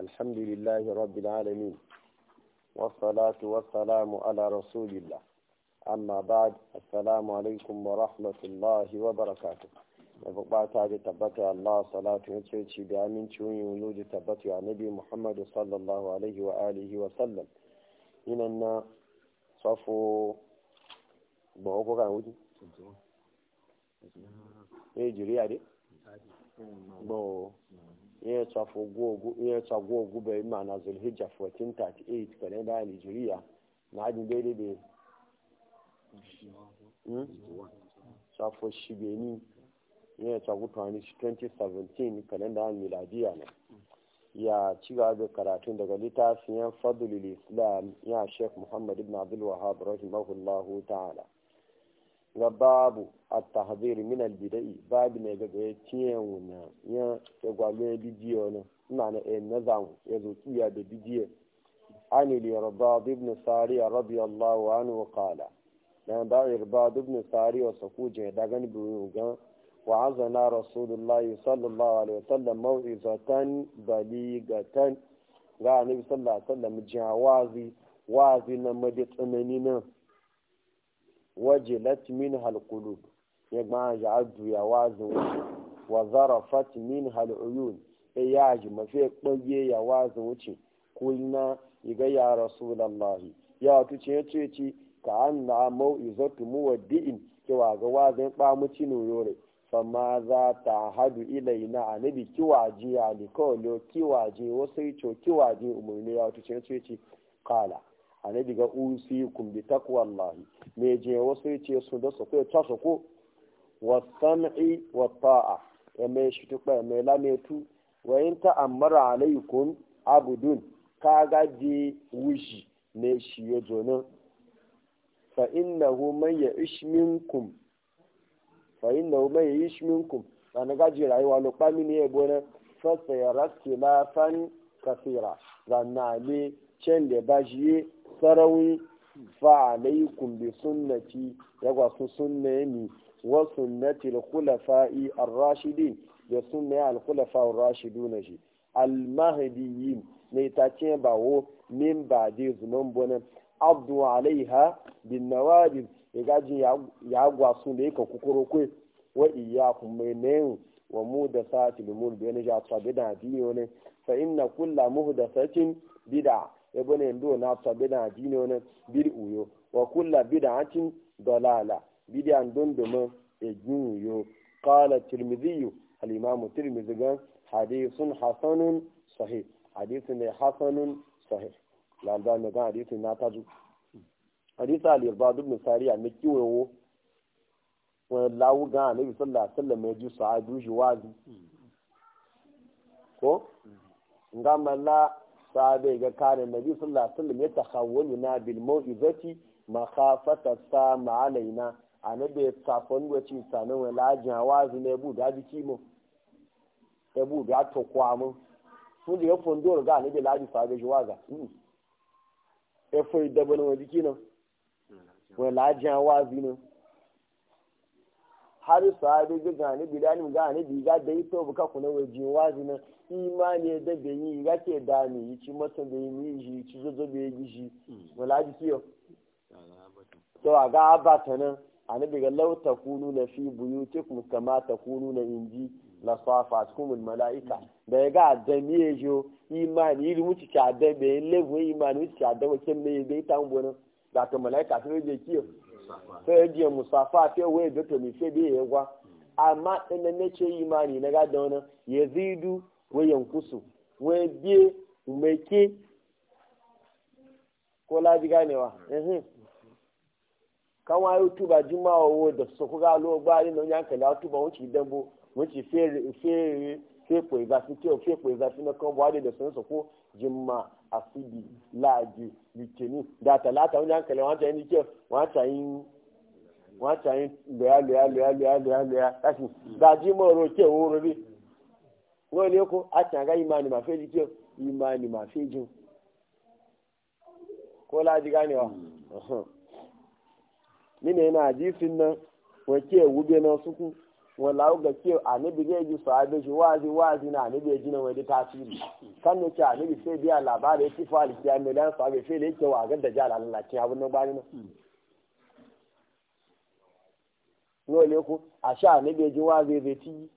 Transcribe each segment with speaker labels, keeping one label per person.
Speaker 1: الحمد لله رب العالمين والصلاة والسلام على رسول الله أما بعد السلام عليكم ورحمة الله وبركاته وبعد هذا تبت الله صلاة وتشي بأمين شوي ولود تبت يا نبي محمد صلى الله عليه وآله وسلم إن أن صفو بوكو كان ودي إيه جري عادي بو ya tsago gube mana zulhijja 1438 kalenda nigeria na hajjin daidai da tsafo ya 2017 miladiya ne ya ci gaba karatun daga littafin fadlul islam ya sheikh muhammad ibn abdul wahab rahimahullahu ta'ala ga babu a tahzir min albidai babu ne ga ya ciye wuna ya ya gwalo bidiyo na ina na eh nazam ya zo kiya da bidiyo an li rabab ibn sari radiyallahu anhu qala dan da irbad ibn sari wa Daga da gani bu ga wa azana rasulullahi sallallahu alaihi wasallam mau'izatan baligatan ga annabi sallallahu alaihi wasallam jawazi wazi na madi tsanani na wajilat min halkulub ya gbọ́n ya adu ya wazin wuce wa zarafat min haluyun e ya ji mafi kpanye ya wazin wuce kulna iga ya rasulallahi ya tuce ya ce ci ka an na mau'izatu muwaddi'in kiwa ga wazin kpamuci nuyore fama za ta hadu ilaina anabi kiwaje alikolo kiwaje wasu ico kiwaje umarni ya tuce ya ce ci kala annabi ga usikum bi taqwallahi me je wasu yace su da su ko ta su ko wa watta'a ya me shi tukpa me la me tu wa in ta'ammara alaykum abudun ka ga ji wushi ne shi ya jona fa innahu man ya'ish minkum fa innahu man ya'ish minkum dan ga ji rayuwa lo pa mi ne e bona fa ya khilafan kathira dan na le bajiye sarawi fa alaikum bi sunnati ya sunnani ni wa sunnati al-khulafa'i ar-rashidin da sunnayi al-khulafa ar-rashidun shi al-mahdiyyin ne ta ce bawo min ba de zuman bonan abdu alaiha bin nawajib ya gaji ya gwasu da ka kukuro kwe wa iya mai nayin wa mu da sa'atil mulk yana ja bi da biyo ne fa inna kullu muhdathatin bid'a ya bane ndo na sa bida jini wani bid uyo wa kulla bida atin dalala bida don domin ya jin uyo kala tirmidhiyu al-imam tirmidhi gan hadithun hasanun sahih hadithun ne hasanun sahih lamba ne gan hadithun na tazu hadithu al-irbad ibn sariya ne kiwo wani lawu gan anabi sallallahu alaihi wasallam ya ji sa'adu shi wazi ko ngama la sahabe ga kare nabi sallallahu alaihi wasallam ya tahawwalu na bil mau'izati makhafata sama alaina anabe tsafon gwaci tsanin walajin hawazi ne bu da jiki mu ya bu da to kwa mu sun da yafon dole ga anabe laji sahabe ji waga hmm. ya foi da bana jiki nan hmm. walajin hawazi ne har sahabi ga gane bilani ga ne bi ga da ito buka kuna waje wazi na imani da da yi ga ke da ni yi ci mata da yi ni ji ci zo zo da yi ji hmm. wala ji kiyo to a ga abata nan annabi ga lauta takunu na fi buyutikum kama takunu na inji la safatkum kuma malaika hmm. da ya ga da ni ya jo imani yi muci ta da be level imani muci ta da wakin ne be tan bonan da to malaika sai je kiyo hmm. sai musafa a waye da to mi sai bai yawa amma ina ne ce imani na gada wani ya zidu wayan kusu wai biye umeke ko laji ganewa kan wa yi tuba jimawa wo da su kuka lo ba ni na yanka la tuba wuce dambo wuce fere fere fere ko izafi ke o fere ko izafi na kan da sun su ko jimma asibi laaji litini da talata wani hankali wancan yin ke wancan yin wancan yin loya loya loya loya loya loya kashi daji mo ro ke wo ro bi wo le ko a tan ga imani ma feji ke imani ma feji ko laaji gani wa mine na hadisin nan wa ke wube na suku walau ga ke annabi zai ji sahabe shi wazi wazi na annabi ya ji na e wani tasiri kan ne ce annabi sai biya labari ya tifa alikiya mai dan sahabe sai da yake wagar da jihar alalaci abin nan bani no le ko a sha annabi ya e ji wazi zai ci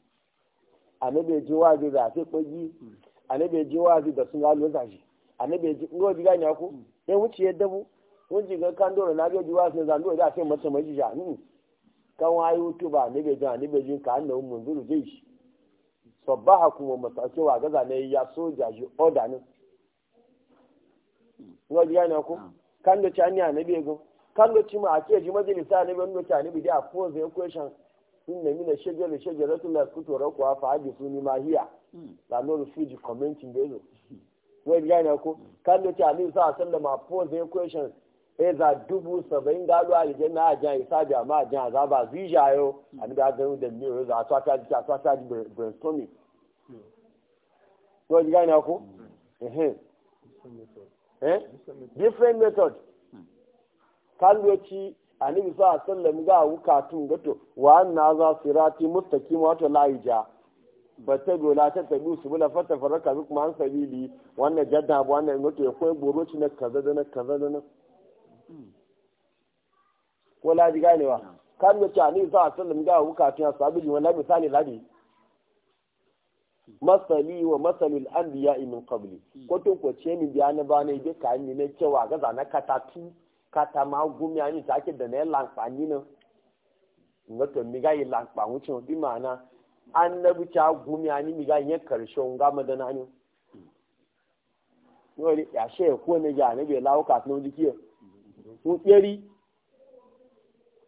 Speaker 1: annabi ya ji wazi e zai sai kwaji annabi ya ji wazi da sun galo zashi annabi ya ji ngo bi ganya ko ya wuce ya bu kun ji ga kan dole na ga ji wazi zan dole da sai mace mai ni kan wayi wutu ba ne bai jan ne bai jin ka annahu munzuru jaysh sabahakum kuma masake wa gaza ne ya soja ji oda ne ngo ji gane ku kan do chani kan ji majalisa ne ban do chani bi da pose the question inna mina shajara shajaratu la kutura ku fa haji suni ma hiya hmm. ku hmm. kan sa za dubu saba'in da alu aljanna a jan isabi amma a jan azaba zijayo hmm. a ni da da miyo za a tsata jiki a tsata ji brainstorming yau ji gane ku hmm. different method eh? hmm. kalwaci a ni a sallam ga wukatun gato wa an na za su rati mustakim wato layi ta tabi su bula fata faraka bi an sabili wannan jadda wannan gato ya koyi boroci na kaza da na kaza da na ko laji ganewa kan ga cewa ni za a sallam ga wuka tun ya sabu ji wallahi misali ladi masali wa masalul anbiya min qabli ko tun ko ce ni biya na bana ibe ka ni ne cewa ga zana katatu kata ma gumi ani ta ke da ne lanfani ne to mi ga yi lanfani wucin bi ma'ana bi ta gumi ani mi ga yin karshen ga madana ne wani ya she ko ne ga ne be lawo ka tun jikiyar ko tseri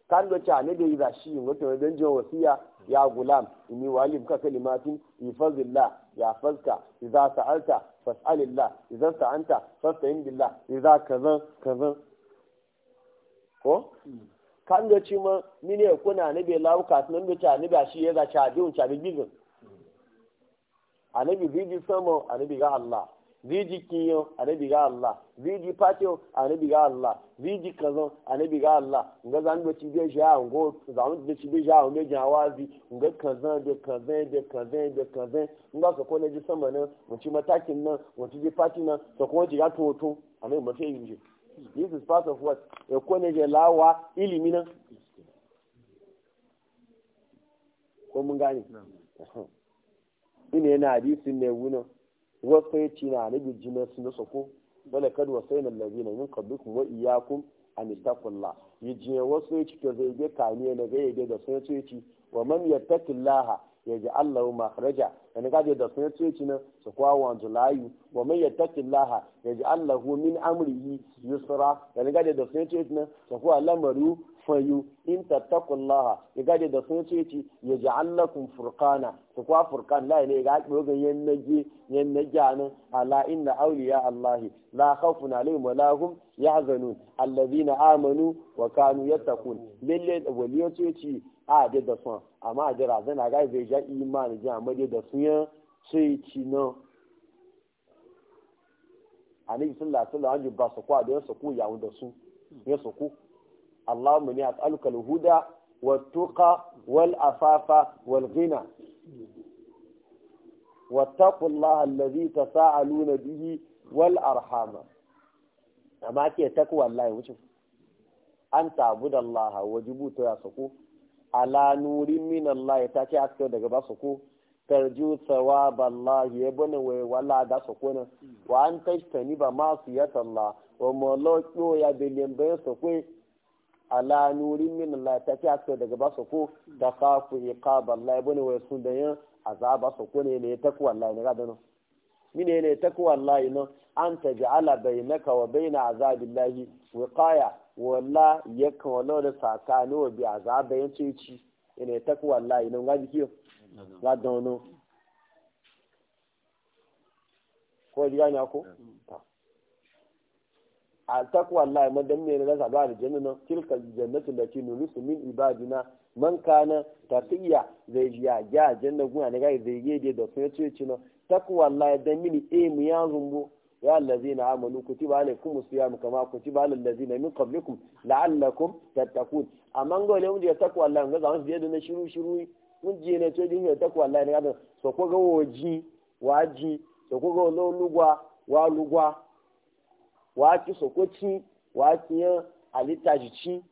Speaker 1: kan da cha ne da yi zashi wata wajen jin wasiya ya gulam inni walim ka kalimatin ifazillah ya fazka iza sa'alta fas'alillah iza sa'anta fasta'in billah iza kaza kaza ko kan da ci ma mine kuna ne bai lauka nan da cha ne ba shi ya za a biyun cha bigin anabi zai ji sama anabi ga Allah viji kiyo anabi ga Allah viji patio anabi ga Allah viji kazo anabi ga Allah nga zan do ci be ja ngo zan do ci be ja o me jawazi nga kaza de kaza de kaza de kaza nga so ko ne ji sama ne mu ci matakin nan mu ci pati nan so ko ji ga toto amma mu sai yin ji this is part of what e ko ne je lawa ilimi nan ko mun gane ina yana hadisin ne wuno wasu ya ce na nabi jimar su na sako wala kad wasaina allazina min qablikum wa iyyakum an ittaqullah yaje wasu ya ce to zai ga kane na ga yaje da sai ya ce wa man yattaqillaha yaj'al lahu makhraja yana ga da sai ya ce na su kwawa julayu wa man yattaqillaha yaj'al lahu min amrihi yusra yana ga da sai ya ce na su kwa lamaru fayu in tattakullaha ya gaje da sun ce ci ya ji allakun furkana su kwa furkan la ne ga dogon yan yannage anan ala inna awliya allahi la khawfun alaihim wa lahum yahzanun allazina amanu wa kanu yattaqun lalle waliyo ce ci a da da sun amma a jira zan ga zai ja imani ji amma da sun ya ce ci na anabi sallallahu alaihi wasallam ba su kwa da su ku yawo da su ya su ku اللهم إني أسألك الهدى والتقى والأفاف والغنى واتقوا الله الذي تساءلون به والأرحام أما كي تقوى الله وشوف أن تعبد الله وجبوت يا سكو على نور من الله تاتي أكثر دقبا سكو ترجو ثواب الله يبن ولا دا سكونا وأن تجتنب معصية الله ومولوك يا بلين بين ala nurin min Allah ta ci aska daga ba su ko ta kafu iqaba Allah ibn wa sun da yin azaba su ko ne ne takwa Allah ne ga dano mine ne takwa Allah no an taj'ala bainaka wa baina azabillahi wiqaya walla yakka wala da sakani wa bi azaba yin ci ci ne takwa Allah no ga jiyo ga dano ko diga ne ko mm. ta a takwa Allah ma dan me na saba da jannu tilka jannatu lati nurisu min ibadina man kana tafiya zai jiya ya janna guna ne gai zai yi da ya ce ci no takwa Allah dan mini e mu ya zumbu ya allazina amanu kutiba alaykum siyam kama kutiba alal ladzina min qablikum la'allakum tattaqun amman gole mun je takwa Allah ga zan je da shiru shiru mun je ne to din takwa Allah ne ga so ko ga woji waji so ko ga lugwa wa lugwa wa ki sokoci wa ki yan alittajici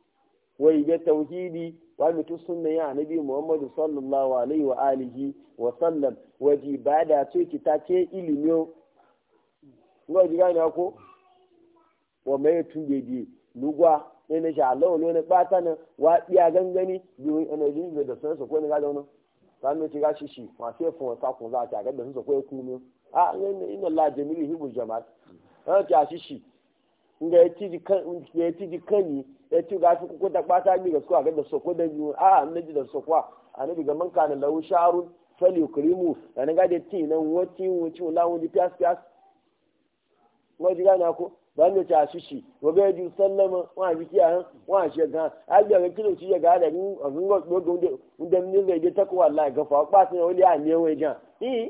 Speaker 1: wa yi tauhidi wa mutu sunna ya annabi muhammadu sallallahu alaihi wa alihi wa sallam wa ibada bada ce ki ta ce ilimi ngo ji gani ko wa mai tunge bi lugwa ne na sha Allah ne na bata nan wa biya gangani biyu energy da sansa ko ne ga dauna sanu ci gashi shi ma se fun ta kun za ta ga da sun so ko ku mu a inna allaha jamilu hibul jamaat ha ta shi shi nga ya ci jikani ya ci ga su kuku da ɓata ga su a da soko da biyu a annabi da sokwa annabi ga man kana lahu sharun fali ukrimu da na gade ti nan wati wuci wala wani piyas piyas wajen na ko ba ni ta shishi waga ya ji sallama wa ji kiya wa shi ga a ga ga kilo ci ga da ni a gungo dogo unde unde ni zai je takwa Allah ga fa ɓata ne wali a ne wajen eh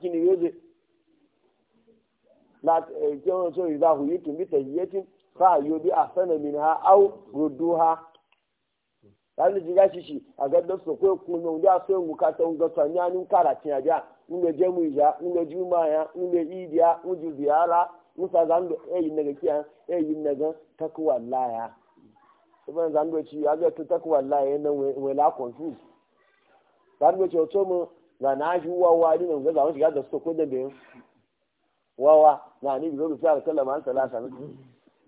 Speaker 1: kini yoze Uh, so idza huyitum bi tayyibatin fa yubi ahsana minha aw rudduha dan ha au shi a ga da so ko ku no da so ngu ka ta ngu ta nya ni kara ti aja ngu je mu ja ngu ju ma ya ngu idia e yin daga eyi e yin daga ya laya saban zando ci ya na wa wa ni ga za mu shiga da wawa na ni zo rufi ala sallama an salasa na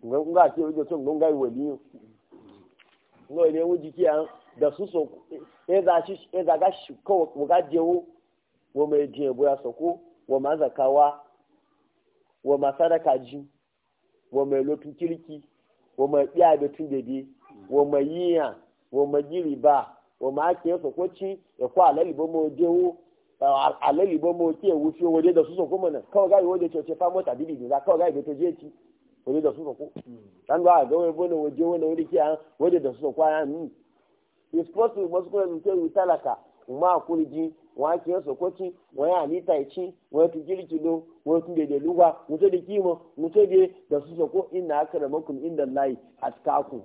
Speaker 1: ngon ga ce wuce tun gonga wali ngo ne wuji ki an da su so e za shi e za ga shi ko mu ga jewo wo mai je bo ya soko wo ma zakawa wo ma sadaka ji wo mai lotu kirki wo mai biya da tun dede wo mai yiya wo mai jiriba wo ma ke sokoci e kwa lalibo mo jewo alẹ́ ìbọn mo tí èwu tí owó dé dọ̀ sọ́sọ̀ kó mọ̀ náà káwọn tí o ti fa mọ́tà bíbí ìgbéga káwọn gáyìí dé tó jẹ́ ti owó dé dọ̀ sọ́sọ̀ kó. sáńdọ̀ àgọ́wé bọ́nà owó dé owó náà orí kí à ń owó dé dọ̀ sọ́sọ̀ kó ara mi. ìsúpọ́sì ìmọ̀síkúrẹ́ mi tó ìwé tálàkà ìmọ̀ àkúrìjì wọn á kí sọ̀kọ́ tí wọ́n yà níta ìtì wọ́n ti jírí ti lo wọ́n ti dèdè lúwa mo di kí mo mo tó di láì àti káàkùn.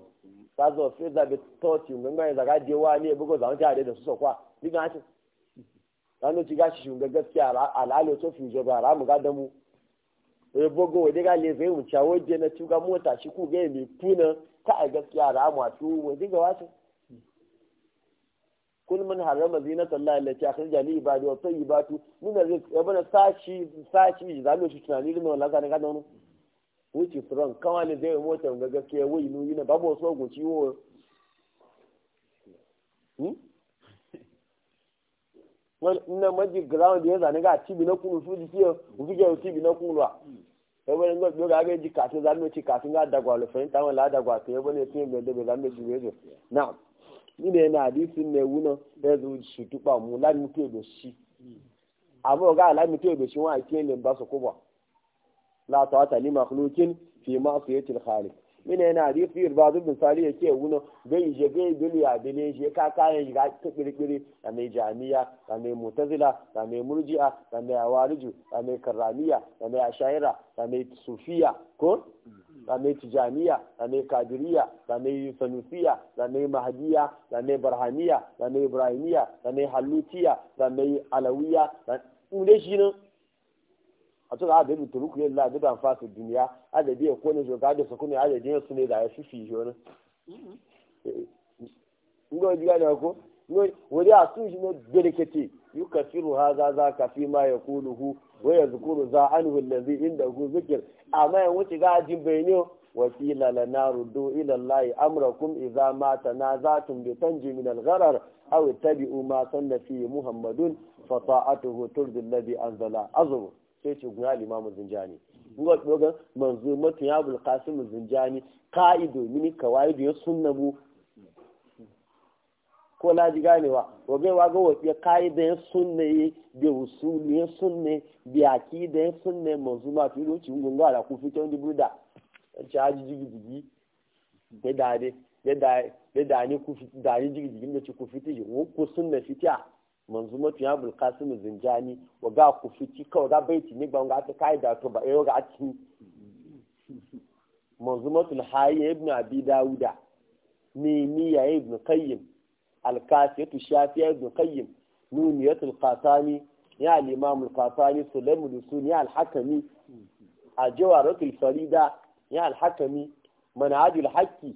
Speaker 1: sáà fẹ́ẹ́ tọ́ọ̀tì ìzàgá di a dé dọ̀sọ̀sọ̀kọ́ à nígbà ranar ci gashi shugaban gaskiya al'alo to fi jaba ramu ga damu wai e, bogo wede ga le mu cha waje na ga mota shi ku ga mi puna ta a gaskiya ramu a tu wede ga wasu kun mun harama zinata Allah allati akhrija li ibadi wa tayyibatu min rizq ya e, bana sashi sashi zalo shi tunani wala ga ne ga damu wuce furan kawai zai yi mota ga gaskiya wai nu na babu wasu gunci ciwo hmm? na maji ground ya zane ga cibi na kunu su jiki ufike o cibi na kunu a ebe ne ngo ga ga ji kasin za mu ci kasin ga dagwa lo fe ta wala dagwa to ebe ne tin gbe de za mu ji wezo now ni ne na di sin ne wuno da zu shi tupa mu la mi te do shi abo ga la mi te do shi wa ti e ne ba so ko ba la ta ta li makhluqin fi ma'siyati khaliq mina yana hadisi irbadu bin sari ya ke wuna bai yi bai duniya a bile je ka kayan shiga ta kirkiri da mai jami'a da mai mutazila da mai murji'a da mai awariju da mai karramiya da mai ashayira, da mai sufiya ko da mai tijaniya da mai kadiriya da mai sanusiya da mai mahadiya da mai barhaniya da mai ibrahimiya da mai halutiya da mai alawiya da shi a cikin adadin turuku yin ladadan fasa duniya adadi ya kone su ga adadin sakuni adadin su ne da ya fi fi shi wani ngo diga da ko ngo wani a sun shi ne delicate yukafiru haza za ka fi ma ya kuluhu wa ya zukuru za anhu allazi inda hu zikir amma yan wuce ga ajin bayani wakila la naruddu ila allahi amrakum idza ma tanazatum bi tanji min al-gharar aw tabi'u ma sanna fi muhammadun fa ta'atuhu turdi allazi anzala azru sai ce guna limamu zinjani buwa dogon manzo matu ya bulkasimu zinjani ka'ido mini kawai da ya sunna bu ko na ji ganewa wagai waga wasu ya kayi da ya yi da usuli ya sunne da da ya sunne manzo ma fi roci ungun gara ku fi kyan dubu da ci haji da dare da dare da ku fi dare da ci ku ko fitiya manzumatu ya bulkasim zinjani wa ga ku fiti kawai ga baiti ne ba wanga ta kaida to ba yau ga a cikin manzumatu hayya ibn abi dauda ya ibn qayyim kasiyatu shafi ibn qayyim nuniyatu qasani ya al-imam alqasani sulaim al-suni al-hakami ajwaratu al-farida ya al-hakami manhaj al-haqqi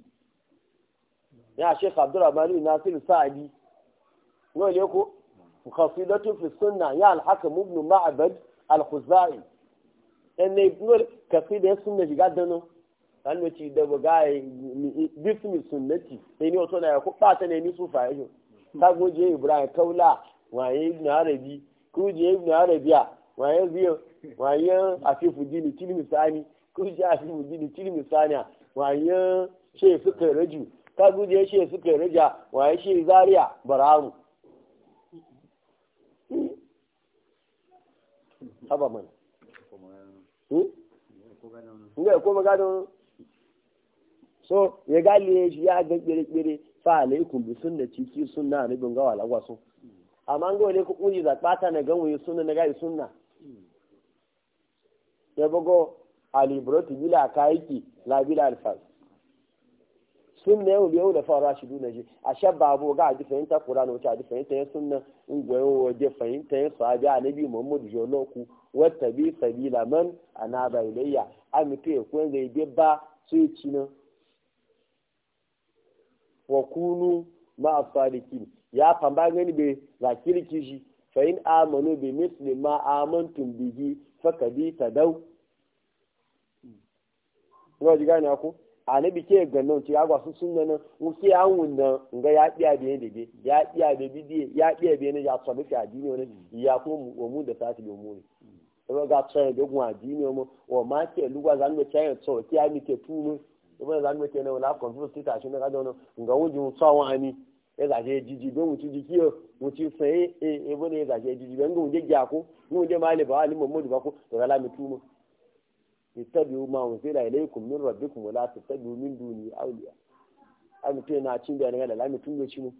Speaker 1: ya sheikh abdurrahman nasir sa'di ngo leko قصيدة في السنة يا الحكم ابن معبد الخزاعي ان يقول قصيدة السنة جدنا قال لك ده بقى Sai السنة يعني وتو ده kuɓa ta ne ni sufa yajo ta goje Ibrahim Kaula waye Ibn Arabi kuje Ibn Arabiya waye biyo waye Afifu Dini Tilmi Sani kuje Afifu Dini Tilmi Sani waye Sheikh Sukairaju ta guje Sheikh Sukairaju waye Sheikh Zaria Baramu haba mana hmm? nga ko magano so ya gale shi ya ga kire-kire fa alaikum bi sunnati ki sunna ne gun ga wala gwaso amma ga wale ku kuji za kwata na gan waye sunna na ga sunna ya bugo alibroti bila kaiki la bila alfas sunna yau yau da fara shi duna ji a shabba abu ga a fahimta na wata a fahimta ya sunna in goyo waje fahimta ya sahabi annabi muhammadu jonoku wata bi sabila man anaba ilayya amitu ya kuwa zai bi ba su yi cina wa kunu ma ya famba gani bai za kirki shi fa amanu bi ma amantun bihi fakadi ta dau. anabi ke ganin ce ya gwasu sun nan wuce ya wunda nga ya biya biye da be ya biya da biye ya biya biye ne ya tsabi ka dini wani ya ko mu mu da sati mu ne to ga tsaye da gwa dini mu o ma ke lugwa zan ga tsaye to ki ya mi tunu ba zan ga ke na wala confuse ta shi na ga don nga wuji mu tsawa ani ya ga je jiji don mu ci jiki mu ci sai e e bane ya ga je jiji don mu je gyako mu je mali ba ali mu mu ba ko to la mi tunu ittabi'u ma unzila ilaykum min rabbikum wa la tattabi'u min duni awliya an mutum na cin bayanin da lami tun gaci mu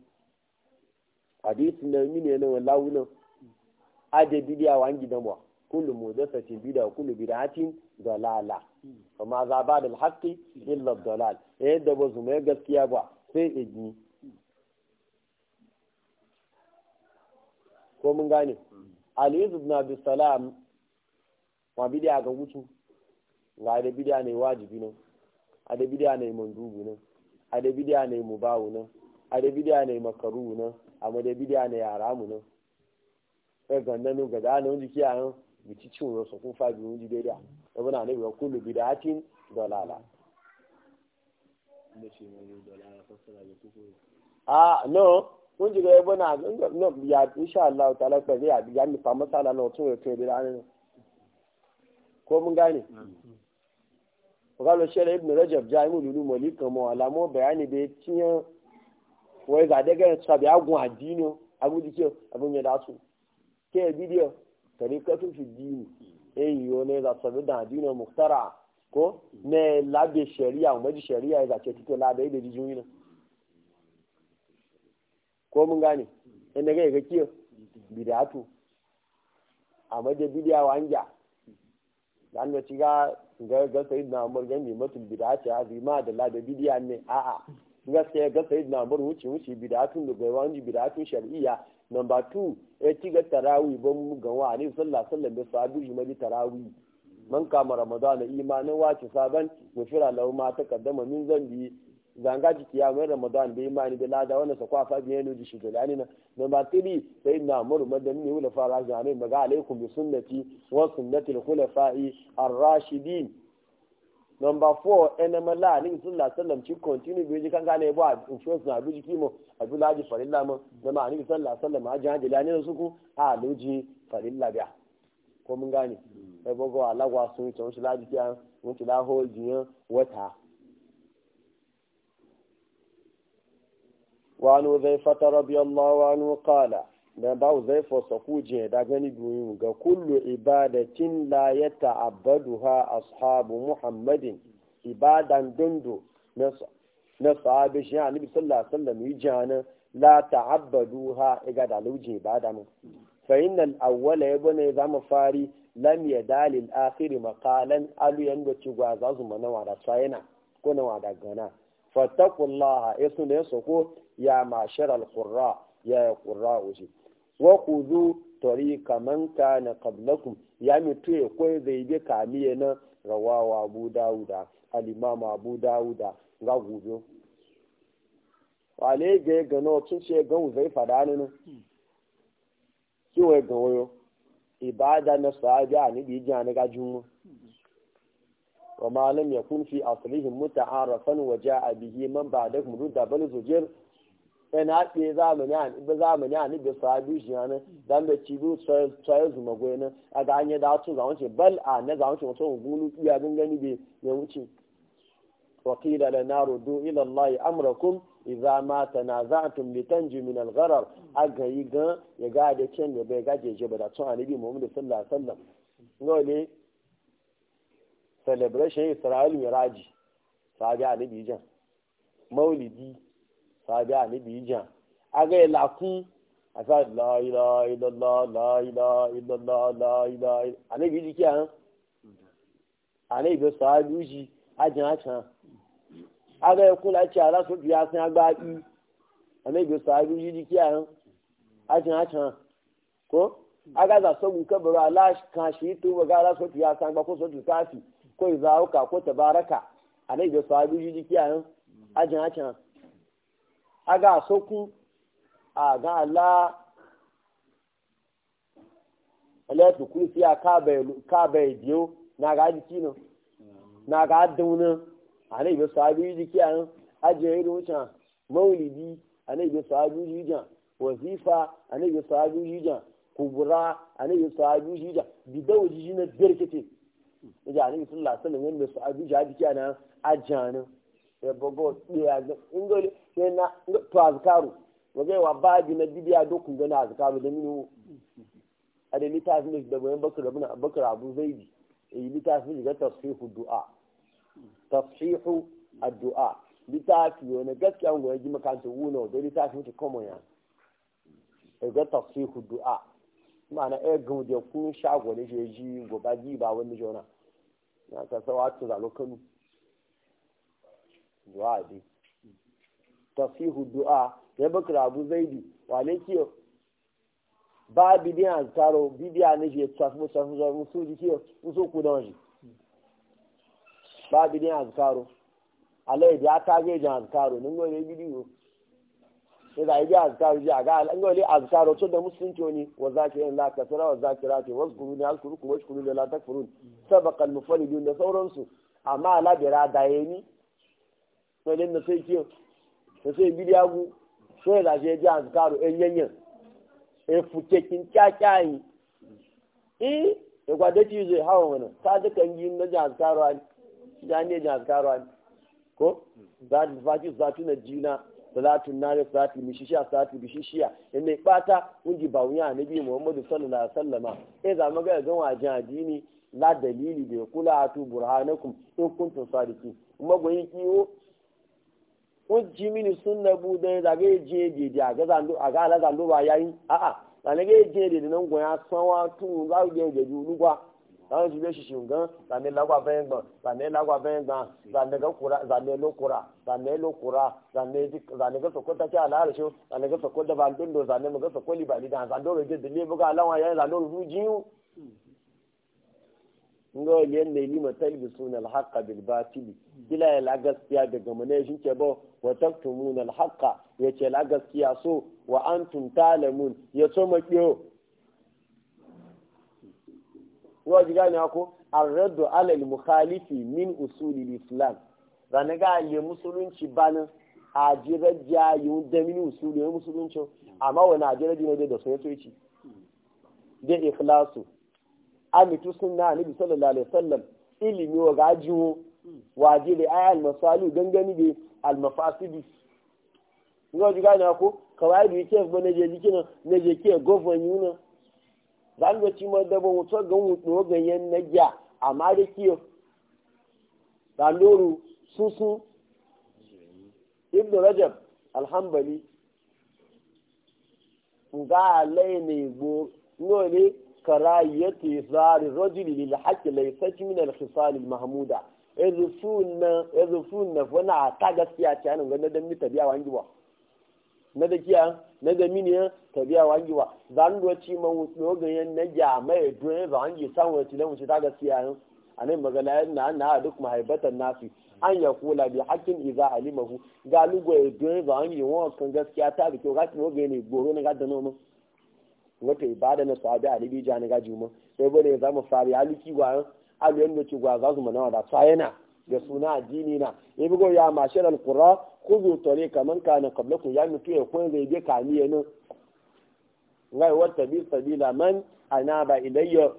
Speaker 1: hadisi na mine na wallahu na ade bidiya wa gidan wa kullu mudassatin bid'a kullu bid'atin dalala ma za eh, ba da alhaqi illa dalal yadda ba mai gaskiya ba sai igi ko mun gane mm. ali ibn abi salam wa bidiya ga wucin nga ga adabidiya ne wajibi nan adabidiya ne mandubu nan adabidiya ne mubawu nan adabidiya ne makaru nan amma adabidiya ne haramu nan ɗan gandanin ga da nan jiki a nan bici cin rosa kun fa biyu ji daidai da muna ne ga kullu bidatin dalala ah no kun ji ga yabo na ya insha Allah ta'ala ka ya ya mi fa masala na tun ya tun bi da nan ko mun gane wakalo shere ibn rajab jami'u lulu molika mo alamo bayani be tiyan wai ga daga sabi agun adino abu dike abun ya da su ke bidiyo tarikatu fi dini eh yo ne za sabi da adino muktara ko ne labe sharia umaji sharia ga ce tito labe da dijin yi ko mun gane inda ga ga kiyo bidatu amma da an anja dan ci ga ga sai na umar ga mi matul bid'a ce azi ma da la da bidiya ne a a gaskiya ga sai na umar wuce wuce bid'atun da gaiwan ji bid'atun shar'iyya number 2 eh ci ga tarawih ban ga wa ne sallallahu alaihi wasallam da sabu jumali tarawih man kama ramadana imanin wace saban gufira lahu ma kaddama min zambi zanga jiki ya mai ramadan bai imani da lada wannan sakwa kwafa biyan ne shi gilani na number 3 sai na amuru madan ne wala fara jani maga alaikum bi sunnati wa sunnati al-khulafa'i ar-rashidin number 4 ene mala ni sunna sallam ci continue bi kan gane ba influence na bi jiki mo abdullahi farilla mo da ma ni sallallahu sallam ha jani lani su ku a loji farilla biya ko mun gane hmm. sai bogo alagwa sun ci wasu laji kiyan mun ci la hold jiyan wata وعن وزيفة رضي الله عنه قال da ba zai fasa kuje da gani domin ga kullu ibadatin la ya ta'abbaduha ashabu muhammadin ibadan dundu na sahabi shi a nabi sallallahu alaihi wasallam yi jana la ta'abbaduha iga da lujin ibada mu fa innal awwala yabuna zama fari lam yadal al akhir maqalan alu yanda ci gwa za su mana wada china ko na wada gana fattaqullaha yasu ne ko. ya معشر القراء ya yi وجي uji wa من zu قبلكم kaman متي na زيبي ya mutu ya kwai zai bi kamiye na abu ga gobe wale ga ya gano tun ce gawu zai fada ni ki kiwai ga wayo ibada na sahabi a ni bi ga gajin mu وما لم يكن في أصلهم متعارفا وجاء به من بعدهم رد بل زجر yana ɗaya zamani a nibin sahabi shi ne zan da cibi tsaye zuma goyi nan a ga an yi da hatu zama ce bal a na zama ce mutum gulu iya gangani bai ya wuce wakila da na rodo ilallahi amrakum idza ma tanaza'tum litanju min al-gharar aga yi ga ya ga da cin da bai gaje je ba da tun annabi Muhammad sallallahu alaihi wasallam ngole celebration Isra'il Miraji sahabi annabi jan maulidi sahabi anabi ija aga ila kun afa la ila ila la la ila ila la la ila anabi ji kiya anabi sahabi uji ajan ajan aga kula ci ara so biya sin agba i anabi sahabi uji ji kiya ajan ajan ko aga za so gun kabaro ala kan shi to ga ara so biya sin agba ko so tu kafi ko izauka ko tabaraka anabi sahabi uji ji ajan aga a aga ala alẹ́tù kúrú sí akáàbẹ̀ ìdíó na ga jìkí na ga dùn nù àná ìbí a abíyí jìkí àná ajẹ́ irun sàn mọ́wùlì bí àná ìbí sọ abíyí jàn wọ̀sífà àná ìbí sọ abíyí jàn kubura àná ìbí sọ abíyí jàn bìdáwò jìjì náà bẹ́rẹ̀kẹ̀tì ìjà àná ìbí sọ làásán lè wọ́n ìbí sọ abíyí jàn sai na to azkaru waje wa baji na bidiya dokun gana azkaru da minu a da litafi da bayan bakar abin bakar abu zaidi yi eh, litafi ne ga tasfihu du'a tafsihu addu'a litafi wani gaskiya wani ji makanta wuna da litafi ne komo ya ga tafsihu du'a ma'ana ɗaya mu da kun shago da shi ji gobe ji ba wani jona na ta sawa tun zalo kanu du'a dai tasihu du'a ya bakar abu zaidi wane kiyo ba bidiyan taro bidiya ne ke tafi tafi zuwa musu ji kiyo musu ku don shi ba bidiyan taro alai da ta ga jan taro nan gore bidiyo sai da ya azkaru ji aga an gole azkaru to da musulunci ne wa zakirin la kasara wa zakirati wazkuru ni alkurukum washkuru la takfurun sabaqa al-mufalidun da sauransu amma la birada yeni to ni, sai kiyo sai bidiya gu sai da je ji azkaru en yanyan e fuke kin kyakyayi eh e gwada ci zai hawa mana ta dukan yi na ji azkaru an ya ne ji azkaru an ko za ta fati za ta na jina salatun nare salati mishishiya salati bishishiya inda bata ji ba wuya nabi muhammadu sallallahu alaihi wasallama eh za mu ga ga wajen addini la dalili bai kula tu burhanakum in kuntum sadiqin magoyin kiwo ji mini sunna bu da da ga je de da ga zan a ga la zan do ba yayi a a da ne ga je de nan goya sanwa tu ga ga je ju ji be shi shi da ne lagwa ben gan da ne lagwa ben gan da ne ga kura da ne lo kura da ne lo kura da ne da ne ga ta ta ala shi da ne ga da ban da ne ga li ba li da de ne yayi nga ya la gaskiya daga mana shi ke ba wa taktumun alhaqa yace la gaskiya so wa antum talamun ya so makiyo wa ji gane ko arraddu ala almukhalifi min usuli islam zane ga ye musulunci bana ajira jayu da min usuli musulunci amma wani ajira dino da sun yace ci da ikhlasu amitu sunna nabi sallallahu alaihi wasallam ilimi wa gajiwo waje da ayal masalu gangani da almafasidi ngo ji gane ko kawai da yake ba na je jikin na je ke govern yuna zan ga ci ma da ba mu ga mu do ga na ja amma da kiyo dan doru susu ibnu rajab alhambali nga ne bo ngo ni karayati zari rajuli lil haqqi laysa min al khisal al mahmuda ezufun na fo na ta gaskiya ce anan ga dan mi tabiya wangi wa na da kiya na da mini tabiya wangi wa zan do ci man wuto ga yan na ja mai do ne ba wangi san wa ci dan wuce ta gaskiya nan anan magana yan na na duk mahaibatan nasu an ya kula bi hakkin iza alimahu ga lugo e do ba wangi wa kan gaskiya ta bi ko ga ko ga ne goro ne ga da nomo wata ibada na sahabi ali bi jani ga juma sai bane zamu fari aliki wa aliyan da cewa gwa za su manawa da sayana da suna addini na ya bugo ya mashar alkura ku zo tare kaman ka na kabla ya mutu ya kun zai je kami ya nan ngai wata bi sabila man ana ba ilayya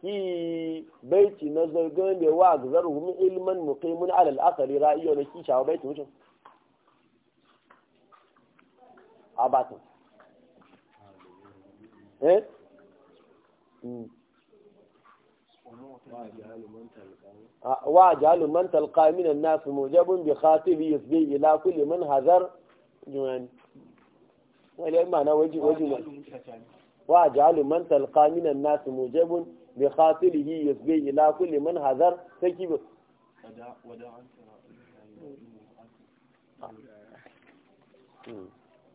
Speaker 1: ki baiti na zargan da wa mu ilman muqimun ala al-athari ra'iyo na kishawa baiti mutum abatun eh hmm. ah, wa jalu man talqa min an-nas mujabun bi khatibi yusbi ila kulli man hazar juwan wale ma'ana waji waji wa jalu man talqa min an-nas mujabun bi khatibihi yusbi ila kulli man hazar saki bi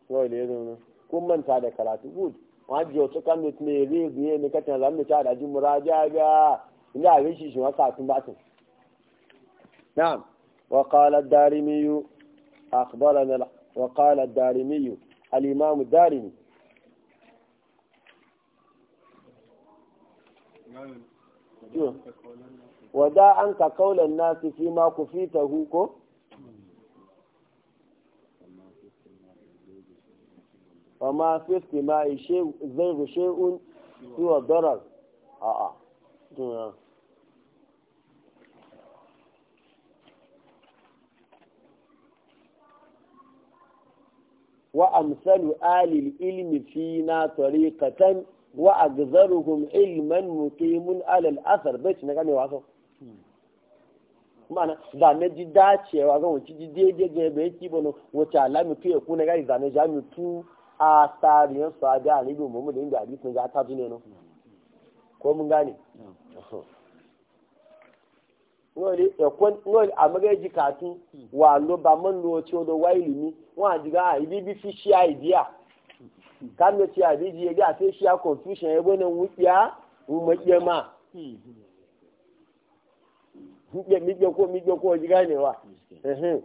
Speaker 1: wale ne kun manta da karatu good wọn jẹ ọtún kánú tí mi rí ìgbìyànjú ẹni kẹtàn ẹ̀rọ mi ṣáà dájú mọ́ra ajá ajá ilé àwẹ̀ ṣìṣì wọn kà bá tún. náà wọ́kàlá dárìmíyù àkùbọ́lá nàlá wọ́kàlá dárìmíyù alìmáàmù dárìmí. wọ́dà an kà kọ́lẹ̀ náà ti fi máa kò fi tẹ̀hú kó. wa ma fi istimai zai ga shay'un siwa darar a a juna wa amsalu alil ilmi fina tariqatan wa agzaruhum ilman muqimun alal asar bai na gane waso mana da na ji dacewa zan wuce ji daidai ga bai ki bano wace alami ku kuna gari zane jami tu a tarihin sahabi a nabi mu da inda hadisin ga ta tune no ko mun gane ngoli ekon ngoli amaga ji katu wa lo ba man lo ti odo wa ilimi wa ji ibi bi fi shi idea kan lo ti abi ji ga se shi a confusion e bonan wuya mu makiya ma mi mi ko mi ko ji gane wa eh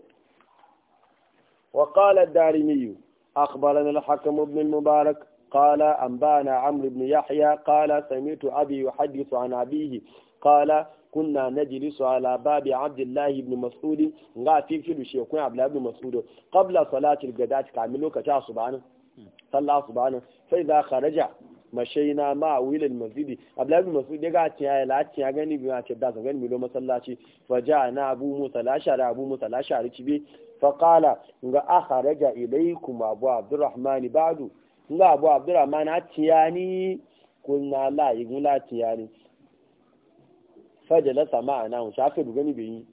Speaker 1: wa qala ad-darimi أخبرنا الحكم بن المبارك قال أنبانا عمرو بن يحيى قال سمعت أبي يحدث عن أبيه قال كنا نجلس على باب عبد الله بن مسعود غا في الشيخ عبد الله بن مسعود قبل صلاة الغداة كامل لوكتا سبحانه صلى سبحانه فإذا خرج مشينا ma ويل المسجد masjidi abdullahi masud ya gaci ya lati ya غني biya ce da gani milo masallaci faja na abu musa ابو موسى abu musa la faƙala ga aka raja ilaikum abu abdurrahmani badu ga abu abdurrahmani a tiyani kunna la yi gula tiyani fajala sama a nan shafi dugani bai yi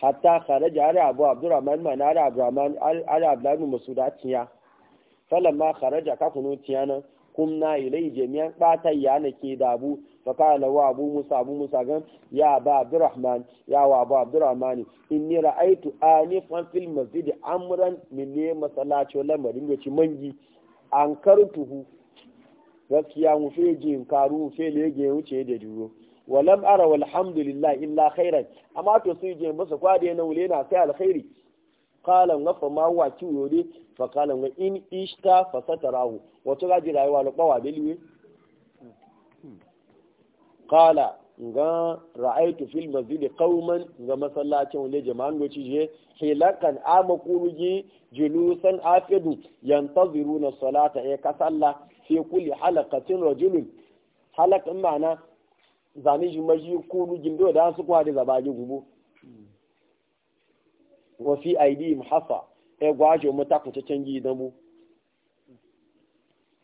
Speaker 1: hatta kharaja ala abu abdurrahman mana ala abdurrahman ala abdurrahman masuda tiya falamma kharaja ka kunu tiyana kumna ilai jami'an bata yana ke dabu فقال وابو موسى ابو موسى قال يا ابا عبد الرحمن يا ابا عبد الرحمن اني رايت انفا في المسجد امرا من مسلاچو لمرين يوتي منجي انكرته gaskiya mu fe jin karu mu fe lege wuce da duro walam ara walhamdulillah illa khairan amma to sai je masa kwade na wule na sai alkhairi qala ngafa ma wa kiwo de fa qala in ishta fa satarahu wato rayuwa lo bawa beliwe qala ga ra'aitu fil masjidi qauman ga masallacin wanda jama'an goci je hilakan ama kuruji julusan afidu yantaziruna salata ya eh, ka fi kulli halaqatin rajulun halaq ma'ana zani jumaji kurujin do da su kwade da zabaji gubo wa fi aidihim hasa e gwaje mu ta canji da mu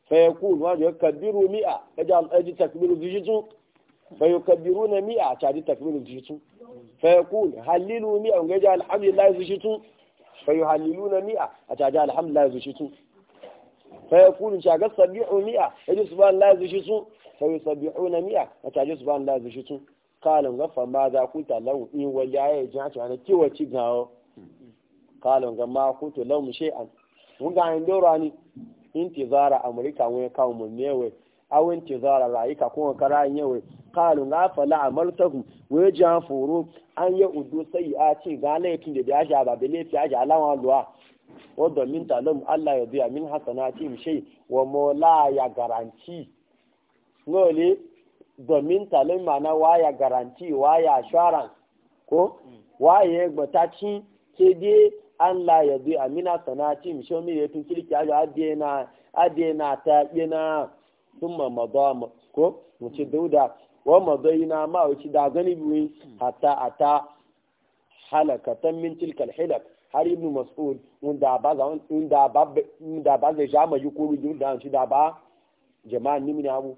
Speaker 1: fa yakun wa yakbiru mi'a ajal eh, aji takbiru zujudu bai kabiru na mi'a a cari takbirin jitu fa ya kuli halilu mi'a in gaji alhamdulillah zuci tu fa yi na mi'a a cari alhamdulillah zuci tu fa ya in shagar sabi'u mi'a ya ji subhan la zuci tu fa yi sabi'u na mi'a a cari subhan la zuci tu kalin gafa ma za ku ta lau in wali a yi jin hacewa na gawo kalin ga ma ku ta lau mu she'an mun ga hanyar rani intizara amurka wani kawo mu newe aw intizara rayuka ko kara yin yawe qalu la fala amaltahum wa jafuru an ya udu sayiati ga laifin da ya sha ba bele ya sha lawan luwa wa domin talam Allah ya biya min hasanati shay wa mola ya garanti n'ole domin talam mana waya garanti waya shara ko wa gbataci ke dai Allah ya biya min hasanati shay mi ya tun kirki ya adena adena ta yana thumma madama ko mu ce dauda wa madaina ma wuce da gani biyu hatta ata halakatan min tilkal hilak har ibn mas'ud inda ba za inda ba inda ba zai jama yi ko ruju da shi da ba jama'an ni mini abu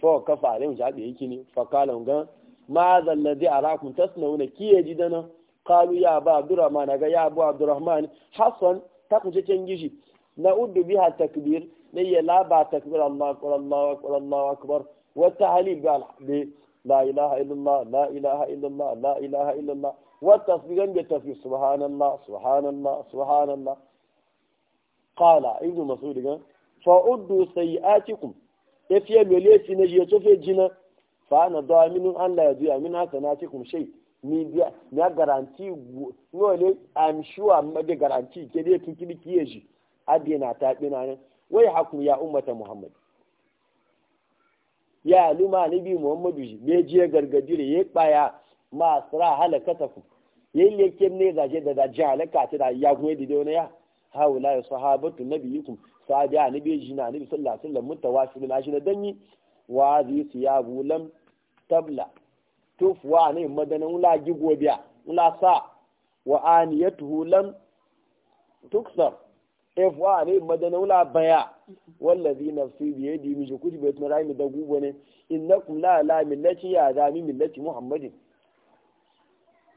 Speaker 1: fa ka fare ja jabe yake ne fa kala ga ma zal ladhi arakum tasnauna kiye ji dana qalu ya ba abdurrahman ga ya abu abdurrahman hasan ta kunce can gishi na uddu biha takbir na iya با takbir الله اكبر الله اكبر الله اكبر wata قال لا اله la ilaha illallah la ilaha illallah la ilaha illallah الله tasbihan bi tasbih subhanallah subhanallah subhanallah qala ibnu mas'ud ga fa uddu sayi'atikum سيئاتكم lole fi na jiya tofe jina fa ana ان لا Allah ya حسناتكم شيء hasanatikum shay ni biya na garanti no le i'm sure am de garanti ke dai tun kidi kiye abi na ta bina ne wai haku ya ummata muhammad ya luma nabi muhammadu shi bai je gargadi ya baya ma sira halaka ta ku yayin yake ne zaje da zaje halaka ta da ya kuma da wani ya haula ya sahabatu nabiyikum sahabi nabi ji na annabi sallallahu alaihi wasallam mutawasil na shi na danyi wa zi siyabu lam tabla tufuwa ne madanan wula gigobiya wula sa wa aniyatuhu lam tuksar efuwa ne madana wula baya wallazi nafsi bi yadi mi shukuri bai tunara mi da gugu ne innakum la la millati ya zami millati muhammadin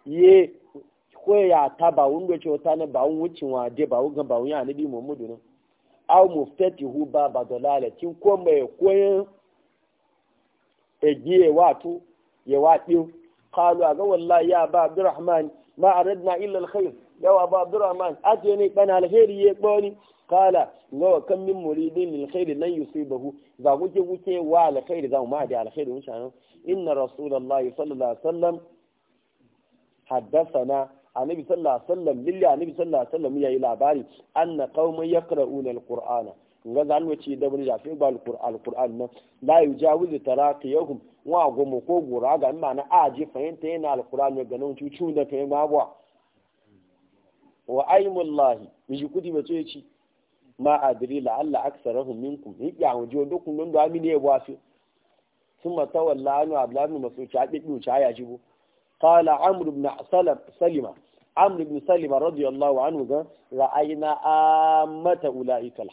Speaker 1: ye ko ya ta ba wun cewa na ba wun wucin wa de ba wun ba wun ya nabi muhammadu ne aw muftati hu ba ba kin ko mai koyin egiye wato ya e waɗi kalu a ga wallahi ya ba abdurrahman ma aradna illa alkhair yawa ba abdurrahman ake ne kana alheri ya gbani kala gawa kan min muridin lil khairi lan yusibahu za ku kuke kuke wa alkhairi za mu ma da alkhairi mun shanan inna rasulullahi sallallahu alaihi wasallam haddathana annabi sallallahu alaihi wasallam lillahi annabi sallallahu alaihi wasallam yayi labari anna qauman yaqra'una alqur'ana nga zan wace da bani jafi ba alqur'an nan la yujawizu taraqiyahum wa gomo ko gura ga ma'ana aji fahimta yana alqur'an ga nan cucu da kai mabwa wa aimullahi miji kuti ba tsoye ci ma adiri la'alla aksarahum minkum hikiya mu jiwo dukun don da amini ya wasu sun mata walla anu ablamin masu ci haɗe ɗu ci haya shi bu kala amr ibn salima amr ibn salima radiyallahu anhu ga ra'ayina amata ula'ika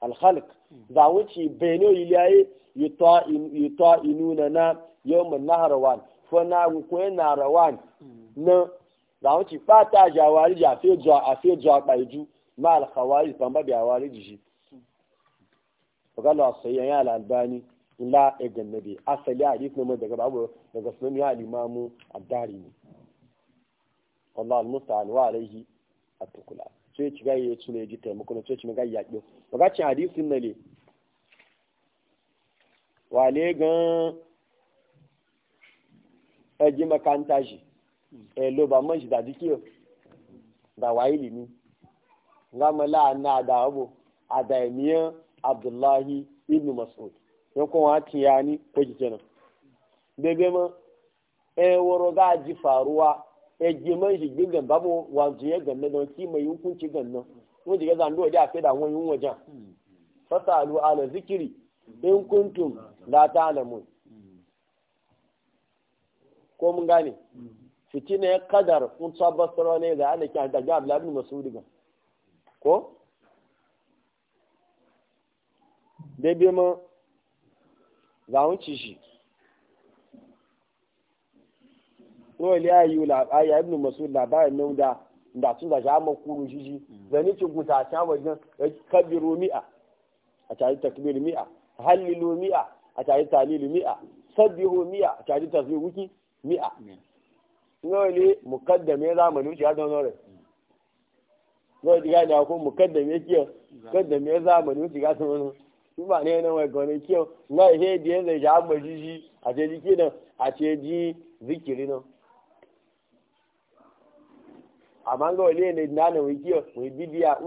Speaker 1: alhalq za wuce beno yi ta inuna na yawman naharawan fana ko yana rawan na làwọn ti pàtà àjà àwáríjì àfẹ́jọ àfẹ́jọ apá ìjú máa àwárí pàmbábì àwáríjì sí ọ̀gálọ̀ àṣẹyẹ yẹn àlàbáni ńlá ẹgbẹ̀mẹ̀bẹ̀ asẹ̀lẹ̀ àdífún ọmọ ìdẹ̀gbẹ̀ bàbọ̀ ẹgbẹ̀ fún mi àlìmáàmú àdárì ni ọlá àlùmọ́ta àlùwà rẹ̀ yí àtòkùlà tó yẹ tìgá yẹ tún èjì tẹ̀ mọ́kànlá tó yẹ tìmọ́gá yà pé ọ̀gá tí àdífún mẹ́lẹ̀ wà lé gan ẹjì mẹ́kántàjì eh lo ba man shi da dikiyo da wa ilimi ngama la na da abu adaimiyan abdullahi ibn mas'ud ya kuma tiya ni ko kenan bebe ma e woro ga ji faruwa e ji man shi babu wanzu ganna don ki mai hukunci ganna ko diga zan do da da wani wajen fasalu ala zikiri in kuntum da ta'lamun ko mun gane fitina ya kadar kun tabbatar ne da ana kyan daga abdullahi masudi ga ko da bi mu za mu ci shi ko ya yi la ayi ibn masud labarin nan da da tun da jama kuru shi shi zani ki guta ta wajen kabiru mi'a a tare takbir mi'a hallilu mi'a a tare talilu mi'a sabbihu mi'a a tare tasbihu mi'a hmm. ngoli mukaddam ya zamani wuce adon nore ngoli ga da ko mukaddam ya kiyo mukaddam ya zamani wuce ga ne na wai gone kiyo na he di ne ja ba jiji a ce jiki na a ce ji zikiri na amma ngoli ne na na wi kiyo wi bidiya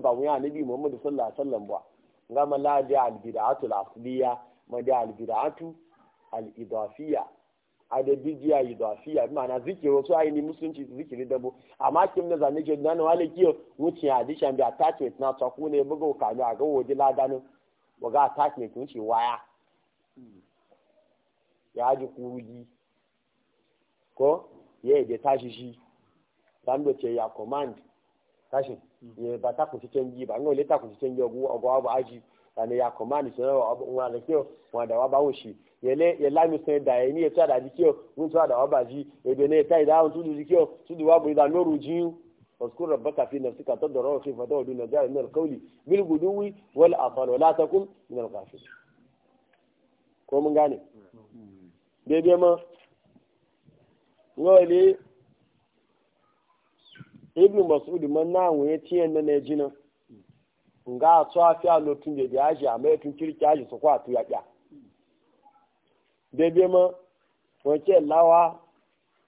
Speaker 1: ba mu annabi Muhammad sallallahu alaihi wasallam ba ngama la ja al bid'atul ma da a da bidiya yi da fiya ma'ana zikiri wasu aini musulunci zikiri dabo amma kim na zane ke nan wale kiyo wuce a dishan bi attachment na tsako ne buga ka ga ga waje ladanin ga attachment wuce waya ya ji kuruji ko ya yi da tashi shi do ce ya command tashi hmm. ye ba ta kunci ji ba le ta kunci canji ogu ogu abu aji sani ya command shi wa abu da kiyo wanda wa ba yẹlẹ yẹlá mi sẹ da yẹ ní ètò àdàdì kí ọ ní ètò àdàwọ bàjì èdè ní da ìdáhùn tó dùdú kí ọ tó dùwà bọ ìdá lóru jíun ọsùkúrò rẹ bọkà fi nàfsí kàtọ dọrọ òfin fọdọ ọdún nàìjíríà nínú ẹkọọlì bílí gudu wí wọlé àfọlọ látọkùn nínú ẹkọ àfi. ko mun gane daidai ma wale ibn mas'ud man na wuye tiyan na najina nga so afi alotun da a ji amma tun kirki aji su kwa tu ya daidai ma wace lawa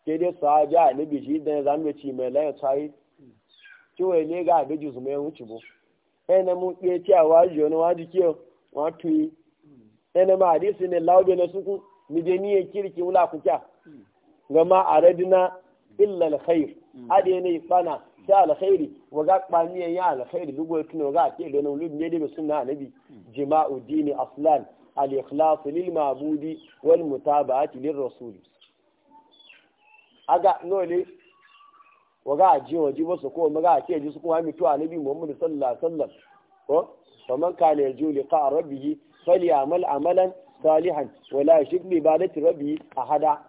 Speaker 1: daidai su a ja ne biji da ya zama ci mai laye tsari kiwai ne ga abin jisu mai wuce bu ɗaya mun ɗaya ce a waji wani waji kiyo wato yi ɗaya ma hadisi ne laube na suku mi ni niyan kirki wula kuka gama a radina illa alkhair ade ne fana ta alkhairi wa ga kwaniyan ya alkhairi dugo ya tuno ga ke da nan lugu ne da sunna annabi jima'u dini aslan al-ikhlas lil ma'budi wal mutaba'ati lir rasul aga nole waga aji waji basu ko maga ake ji su kuma mitu annabi muhammad sallallahu alaihi wasallam ko faman kana yaju liqa rabbih falyamal amalan salihan wala yushrik bi ibadati rabbih ahada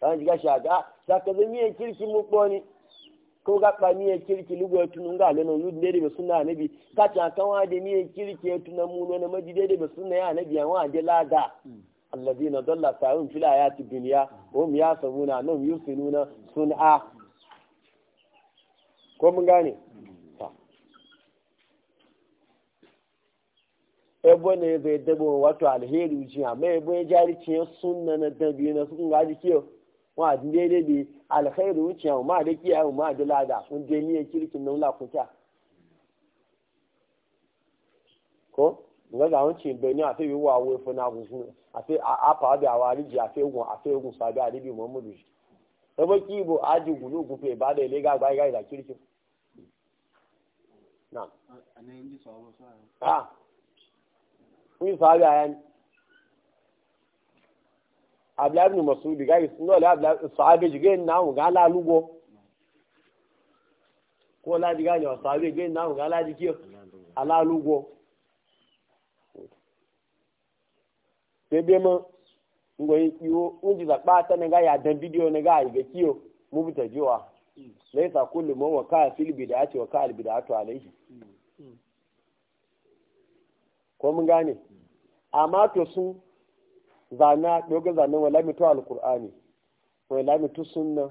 Speaker 1: san jiga shaga saka zan yi kirki mu ni ko ga ba miye kirki lugo tunun ga lana yud dai da sunna annabi ka ta kan wa da miye kirki tunan mu ne na majide da sunna ya annabi an wa da laga hmm. alladina dalla sa'un fil ayati dunya wa hum yasmuna annahum yusinuna sun'a ko mun gane hmm. ebo ne zai dabo wato alheri ji amma ebo ya jari cin sunna na dabi na sun gaji kiyo wa dinde ne alkhairu wuciya ma da kiyaye ma da lada kun je niyyar kirkin nan la kuta ko nga da won cin beni afi wi wa wo fo na gusu afi apa abi awari ji afi gun afi ogun sabi bi muhammadu e bo ki bo aji gulu gun pe ba de le ga gba ga da kirkin na anan ji sawo so ah ni sabi ayan abdullahi ibn masudi ga yi sunan da abdullahi sahabe ji ga na mu ga lalugo ko la ji ga ne sahabe ga na mu ga la ji ki alalugo bebe mo ngoyi kiwo unji za pata ne ga ya dan video ne ga ga kiyo mu buta jiwa laisa kullu man wa ka fil bid'ati wa ka al bid'atu alayhi ko mun gane amma to sun zana dogon zanen wala mitu alkur'ani wala mitu sunna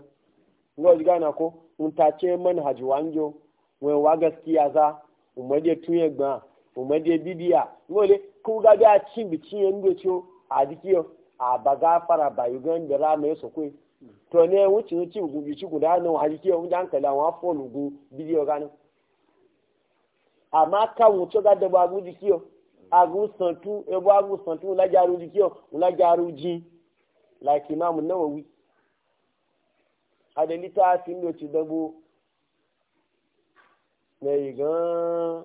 Speaker 1: ngo jiga na ko mun tace manhaji wanjo wai wa gaskiya za umade tuye gba umade bidiya ngo le ku ga ga cin bicin yango cho a dikiyo a baga fara ba yugan da ra mai sokwe to ne wuce wuce gubi ci guda nan wa dikiyo mun jan kala wa fo lugu bidiyo ganin amma kan wuce ga da babu dikiyo agusantu ebo agusantu ńlájàrú di kí ọ ńlájàrú jí like imaamu náà wí adelita asi ń lò ti dọgbó lẹyìn gan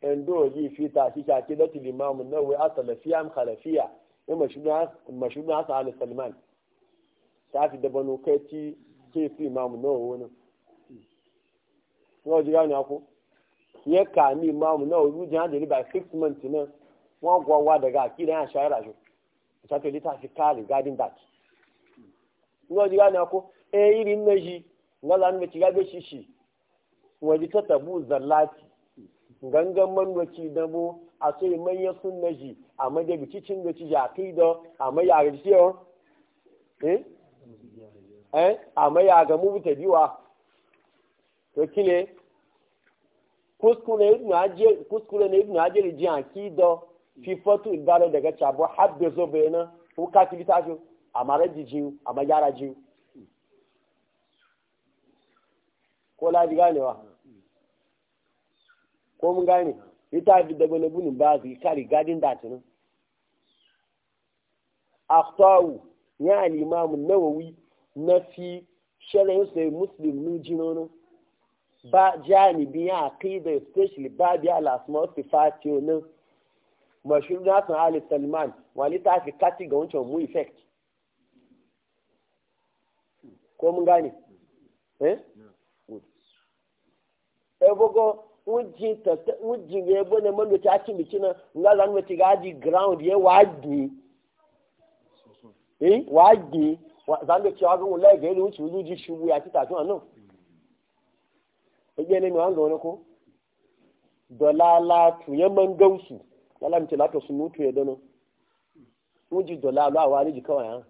Speaker 1: ẹndó òjì ìfita àṣìṣe akédọ́tì lè máa mú náà wí àtàlẹ́fíà ń kàlẹ́fíà ní mọ̀ṣúgbọ́n àṣà alẹ́ salman ṣáàfi dẹbọnú kẹ́ tí kéèfì ke mú náà wọ́n náà wọ́n jí gáwọn ní akó. ya kami mamu na oru jihar da riba six months na wọn gwawa daga akida ya shayara shi ta tuli ta fi kare gadin dat ina ya gane ko eh iri tota na shi na zanu da kiga shishi shi waje ta tabu zallati gangan manwaci da bo a so yi e manyan sun na shi a maje bici cin da ci ja kai da a mai a gaji eh eh a mai a ga mu ta biwa to kile kuskure ibn hajar kuskure ne ibn hajar ji akido fi fatu ibalo daga chabo habbe zo bena ko ka ti bitajo amara jiji amajara ji ko la diga ne wa ko mun gane ita bi daga ne bunin ba zai kari gadin da tinu akhtawu ya al-imam an-nawawi na fi sharhin sai muslim min jinono ba janibi ya aqida especially ba bi al asma sifati ona mashhur na san ali salman wani ta fi kati ga wancan mu effect ko mun gane eh e bogo wujin ta wujin ya bane man da ta ci biki na nga zan mace gaji ground ya wagi eh wa zan da ci ga wallahi ga yadda wuce wuji shubu ya ci ta tafi anan wajen ne wanga wani ko da lalatu ya man gausu lalamci lata sun mutu ya dano uji da lalawa ne ji kawai ha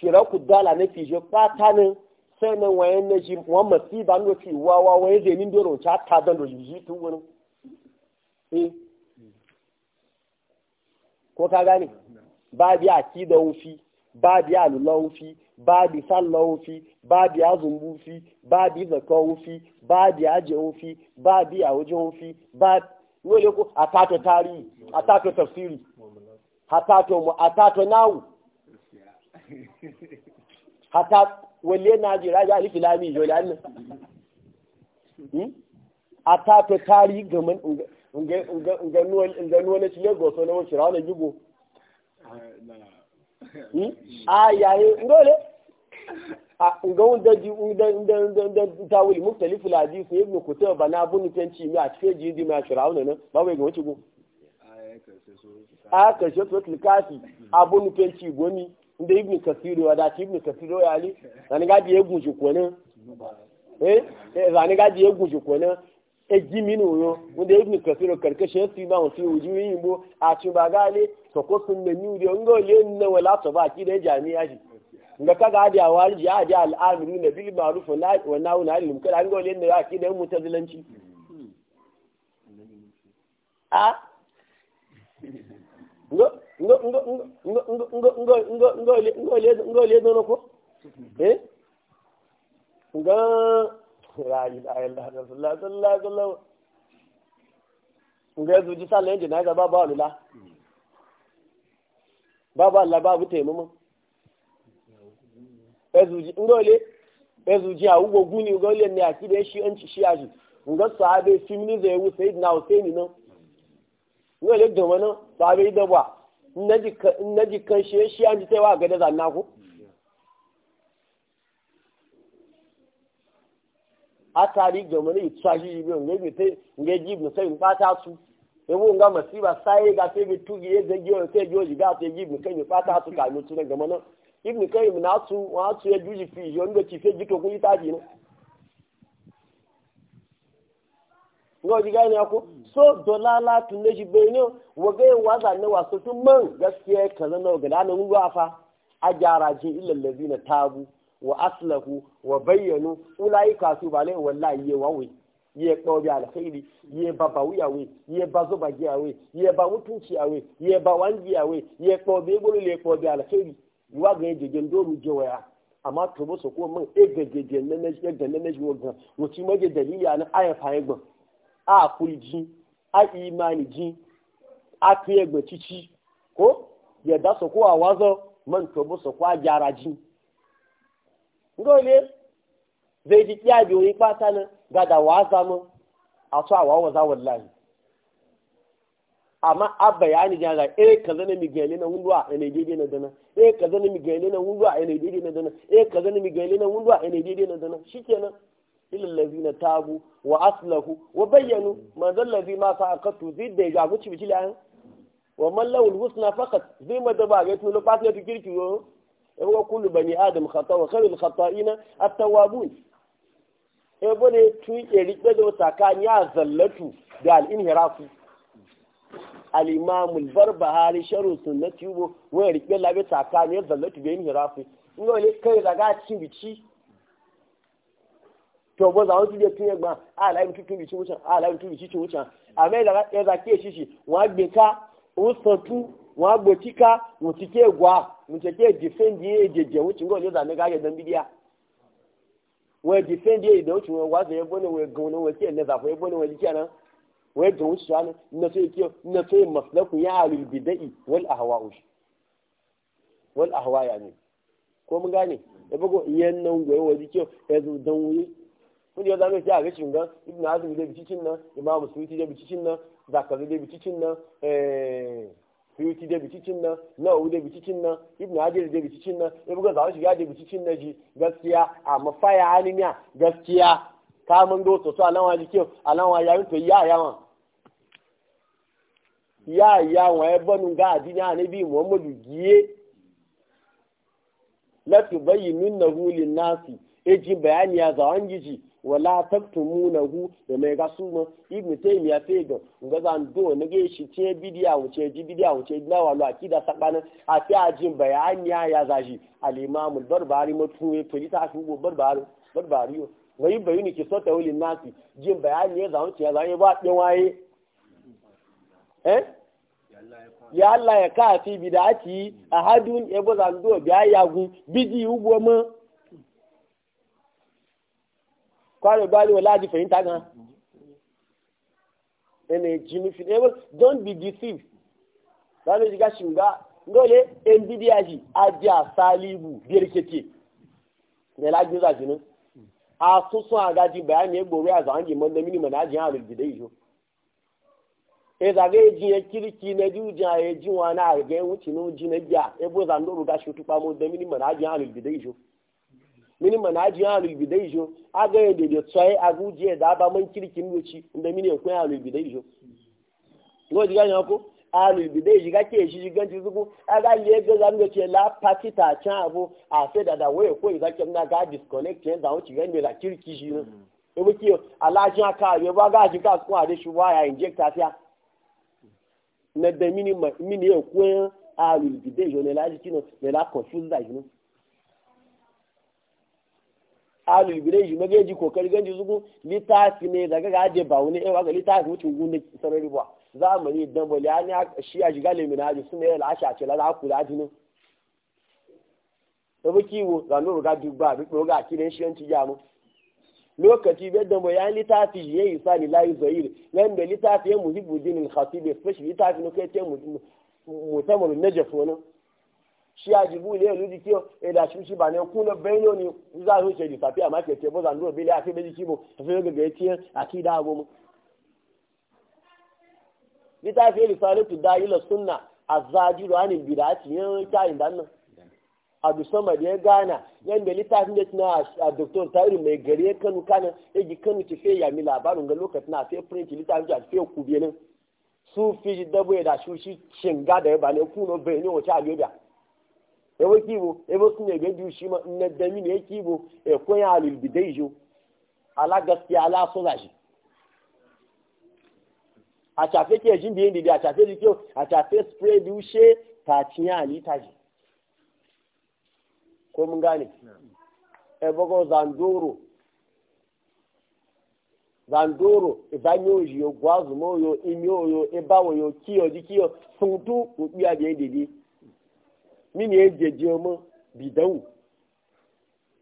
Speaker 1: shira ku dala na fije kwata ne sai nan wayan na ji wa masiba ne fi wawa waye zai nin doro ta ta dan roji tun wani ko ka gane ba biya ki da wufi ba biya lula wufi babi sallah wufi babi azumbu wufi babi zaka wufi babi aje wufi babi a wajen wufi ba wole ko atato tarihi atato tafsiri atato mu atato nawu hata wale na jira ya alifi lami jole an hmm? atato tarihi gaman unga unga unga unga nuwa ci lagos wani wani shirawa na yugo hmm? ayaye ngole ga wanda ji wanda ta wuli muktali fuladi su ibn kutuba ba na bunu tanci mi a cikin jidi ma firawuna nan ba wai ga wace go a karshe su tilkafi a bunu tanci gomi inda ibn kasiru wa da ci ibn kasiru ya ali zani gadi ya guji kona eh, eh zani gadi ya guji kona e jimi ni oyo wanda ibn kasiru karkashin su ba wasu wujuyin bo a cin ba gale sokosun da ni uri ngo le na wala to ba ki da jami'a shi nga ka da warji ya da al'amiri na bil ma'ruf wa nahu na alim kada an ga wani mutazilanci a ngo ngo ngo ngo ngo ngo ngo ngo ngo ngo ngo ngo ngo eh? nga la ilaha illallah rasulullah nga ngole ezuji a ugo guni ugo le ne akibe shi anci shi aji ngo abe simni ze ewu sayyid na husaini no ngole do wono sahabe da ba naji naji kan shi shi anji sai wa za da zanna ko atari gomani itsaji ibe ngebe te ngeji ibn sai mpata su ewu nga masiba sai ga sai bitu ye ga jo sai jo ga sai ibn kan mpata su ka mutu ne gomano ibn kayyim na su wa su ya juji fi yon ga cife jito ku ita ne ngo ji gani ko, so dolala tun ne shi bene wa ga wa za ne wa su tun man gaskiya kaza na ga da nan ruwa fa a gyara ji illal ladina tabu wa aslahu wa bayyanu ulaika su bale wallahi ye wawe ye kpobi alkhairi ye baba wiyawe ye bazo bagiyawe ye ba mutunci awe ye ba wangiyawe ye kpobi bolo le kpobi alkhairi yiwa ga ejeje ndị oru jewa ya amma to bo so ko mun egejeje nene egeje nene jiwo gan mo ti mo je dalili ya na aya fa egbon a kuli ji a imani ji a ti egbon chichi ko ya da so ko awazo man to bo so ko ajara ji ngole zai ji kiya biyo yi kwata na ga da waza mu a to awawa za wallahi amma a bayani ja ga eh kaza mi gele na wundwa a ne daidai na dana eh kaza mi gele na wundwa a ne daidai na dana eh kaza mi gele na wundwa a ne daidai na dana shikenan ilal ladina tabu wa aslahu wa bayyanu ma zal ladhi ma faqatu zidda ga guci ci an wa man lawul husna faqat zai ma da ba ga tulo fatina tu kirki yo e eh, ko kullu bani adam khata wa khairul khata'ina at-tawwabun e bone tu e rike da sakanya zallatu da al-inhirafu al barbahari sharu sunnati wo wani rike labe tsakani yadda zallatu bayin hirafi in ga wani kai zaga cin bici to bo zawon su je tun yagba a layin tutun bici wucin a layin tutun bici cin wucin a mai zaga ɗaya zake shi shi wa gbe ka wusantu wa gbe kika mutike gwa mutike defendi ya jeje wucin ga wani zane gage dan bidiya wani defendi ya idan wucin wani wazo ya wani ya wani wai ga wuce shani na sai kiyo na sai maslaku ya alil bidai wal ahwa ush wal ahwa ya ne ko mun gane da bago iyan nan goyi waje kiyo ya zo dan wuyi kun ya zame sai a ga shin ga ibn azumi da bicicin nan imamu suyuti da bicicin nan zakari da bicicin nan eh suyuti da bicicin nan nawu da bicicin nan ibn hajar da bicicin nan ya buga zawo shiga da bicicin nan ji gaskiya a mafaya animiya gaskiya kamun do so so alan wa jike alan wa yarin to ya ya wa ya ya wa e bonu ga adi ni ani bi muhammadu giye la tu bayyinahu lin nasi e ji bayani ya ga an giji wala taktumunahu da mai ga suma ibnu taymiya fe ga ga zan do ne ge shi ce bidiya wuce ji bidiya wuce na walu akida sabana a fi a jin bayani ya ya zaji al imam al barbari mutuwe to ita su go barbari barbariyo yi bayani ke sota wulin nasi jin bayani ya zaunce ya zaune ba ɗin waye eh ya Allah ya ka fi bidati ahadun ebo zando biya yagun biji ugbo mo kwari gbali wala di fahimta gan ene jimi fi ebo eh, don't be deceived lalo jiga shinga ngole en bidiaji aja salibu birkete ne la juza jinu Asụsụ susun a gaji bayani egboro aza a mo man da mini mana jin harin eji ijo e zaga ya jiya na eji ya ji wani a ga na ji na gya e bo zan doru gashi tupa mo aji mini mana jin harin gida ijo mini mana aji harin gida ijo a ga ya dede tsaye a da ba man mini alu bide shi kake shi shi ganci zuku aga le ga zan ga ce la party ta can abu a sai da da waye ko idan kin na ga disconnect ne da wuce gani la kirki shi ne mm. e wuce alajin aka yo ba ga shi ka su a shi waya inject afia na da mini mini e ko alu bide jo ne la ji kino ne la confuse da alu bide ji mage ji kokari ganci zuku litafi ne daga ga je ba wani e wa ga litafi wuce gunde sarari ba zamani dan bali an ya shi a shiga limina haji suna yi lasha ce lada kula jini ta bi kiwo zanen ruga dubba duk roga kiran shi yanci jamu lokaci bai dan bali an littafi ya yi sa ni layi zahir yan da littafi ya muhibbu dinin khasib especially littafi na kai ce mutamar najaf wani shi a jibu ne yanzu jiki ya eh, da shi ba ne kuna bayano ne za a yi ce disafiya ma ke ce bo zanen ruwa bai lafi bai jiki bo ta fi gaggaya ciyar a ki da abu mu littafi risalatu da'ila sunna azzajiru anil bid'ati yan kayin dan nan abu sama da ya gana yan da littafin da tana a doktor tayiru mai gari ya kanu kanan ya gi kanu ci fe yami labarin ga lokacin na fe print littafin a fe kubiye nan su fi dabo ya da shushi shinga da ya bane kuno bai ne wace a lobiya ewe kibo ewe sun ne gadi shi ma na dami ne kibo e koyan alil bidai jo ala gaskiya ala so shi àtàfẹ́ kí ẹ̀jìn bíi èdè àtàfẹ́ di kí o àtàfẹ́ spray bí ó ṣe tàtíyàn àlítàjì ko mun gane ẹ̀bọ́gọ́ e zandoro zandoro ìbáyé e òyì ogun azùmọ́ oyo imi oyo ìbáwọ̀ e oyo kíyọ̀ di kíyọ̀ tuntun òpí àbíyẹ̀ dèdè mini èjèjì ọmọ bìdánwò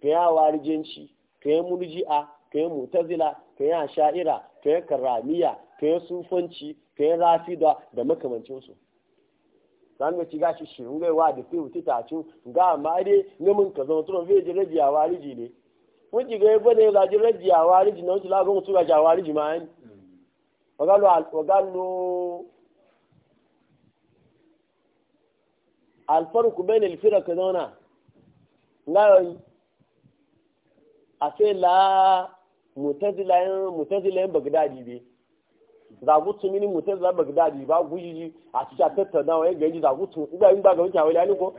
Speaker 1: kẹ́yà wárí jẹ́ ń ṣí kẹ́yà múlùjí a kẹ́yà mùtẹ́zìlá kẹ́yà ṣáírà kẹ́yà kàràmíyà kayan sufanci kayan rafi da makamancinsu sanu ci gashi shi ngai wa da fi wuti tacu ga ma dai namun ka zama turon zai jiraji a wariji ne mun ji ga yabo ne ga jiraji a wariji na wuce lagun tura ga wariji ma yan wagalo alfarku bai ne lifira ka zauna ngayon a sai la mutazilayen bagdadi ne zagutu mini mutum za bagdadi ba gujiji a cikin tattaunawa ya gaji zagutu ina yin ba ga wuce wani ko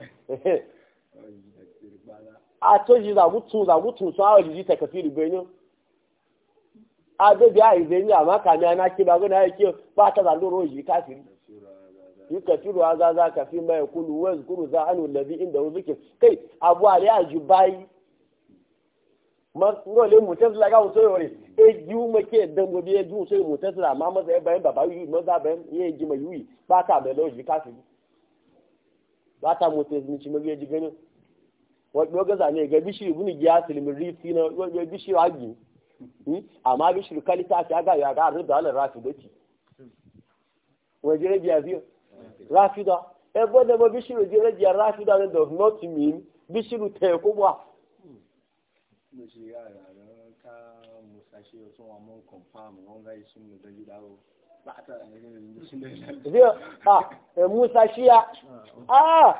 Speaker 1: a to ji zagutu zagutu su awa jiji ta kafi ribenin a da biya izini amma kami ana ke ba gana ya e ke ba ta zalo roji kafiri yi kafiru a zaza kafin mai e kulu wanzu kuru za anu labi inda wuzuke kai abu a ya ji bayi ngole mutazila e e e ga wuso yore e ju make dan gobe e ju so mutazila ma maza e bayan baba yi maza bayan ye ji ma yi ba ka da loji ka si ba ta mutazila ci mai ji gani wato hmm? ga ne ga bishi ibn giyasil min rifi na wato bishi wagi amma bishi kalita ta ga ya ga rubu ala rafidati wajire biya biyo rafida e bo ne bishi wajire biya rafida does not mean bishi te ko ba mo ṣe àrà ká mo ṣàṣeyọ tí wọn mọ wọn láì mi a Musa shiya, a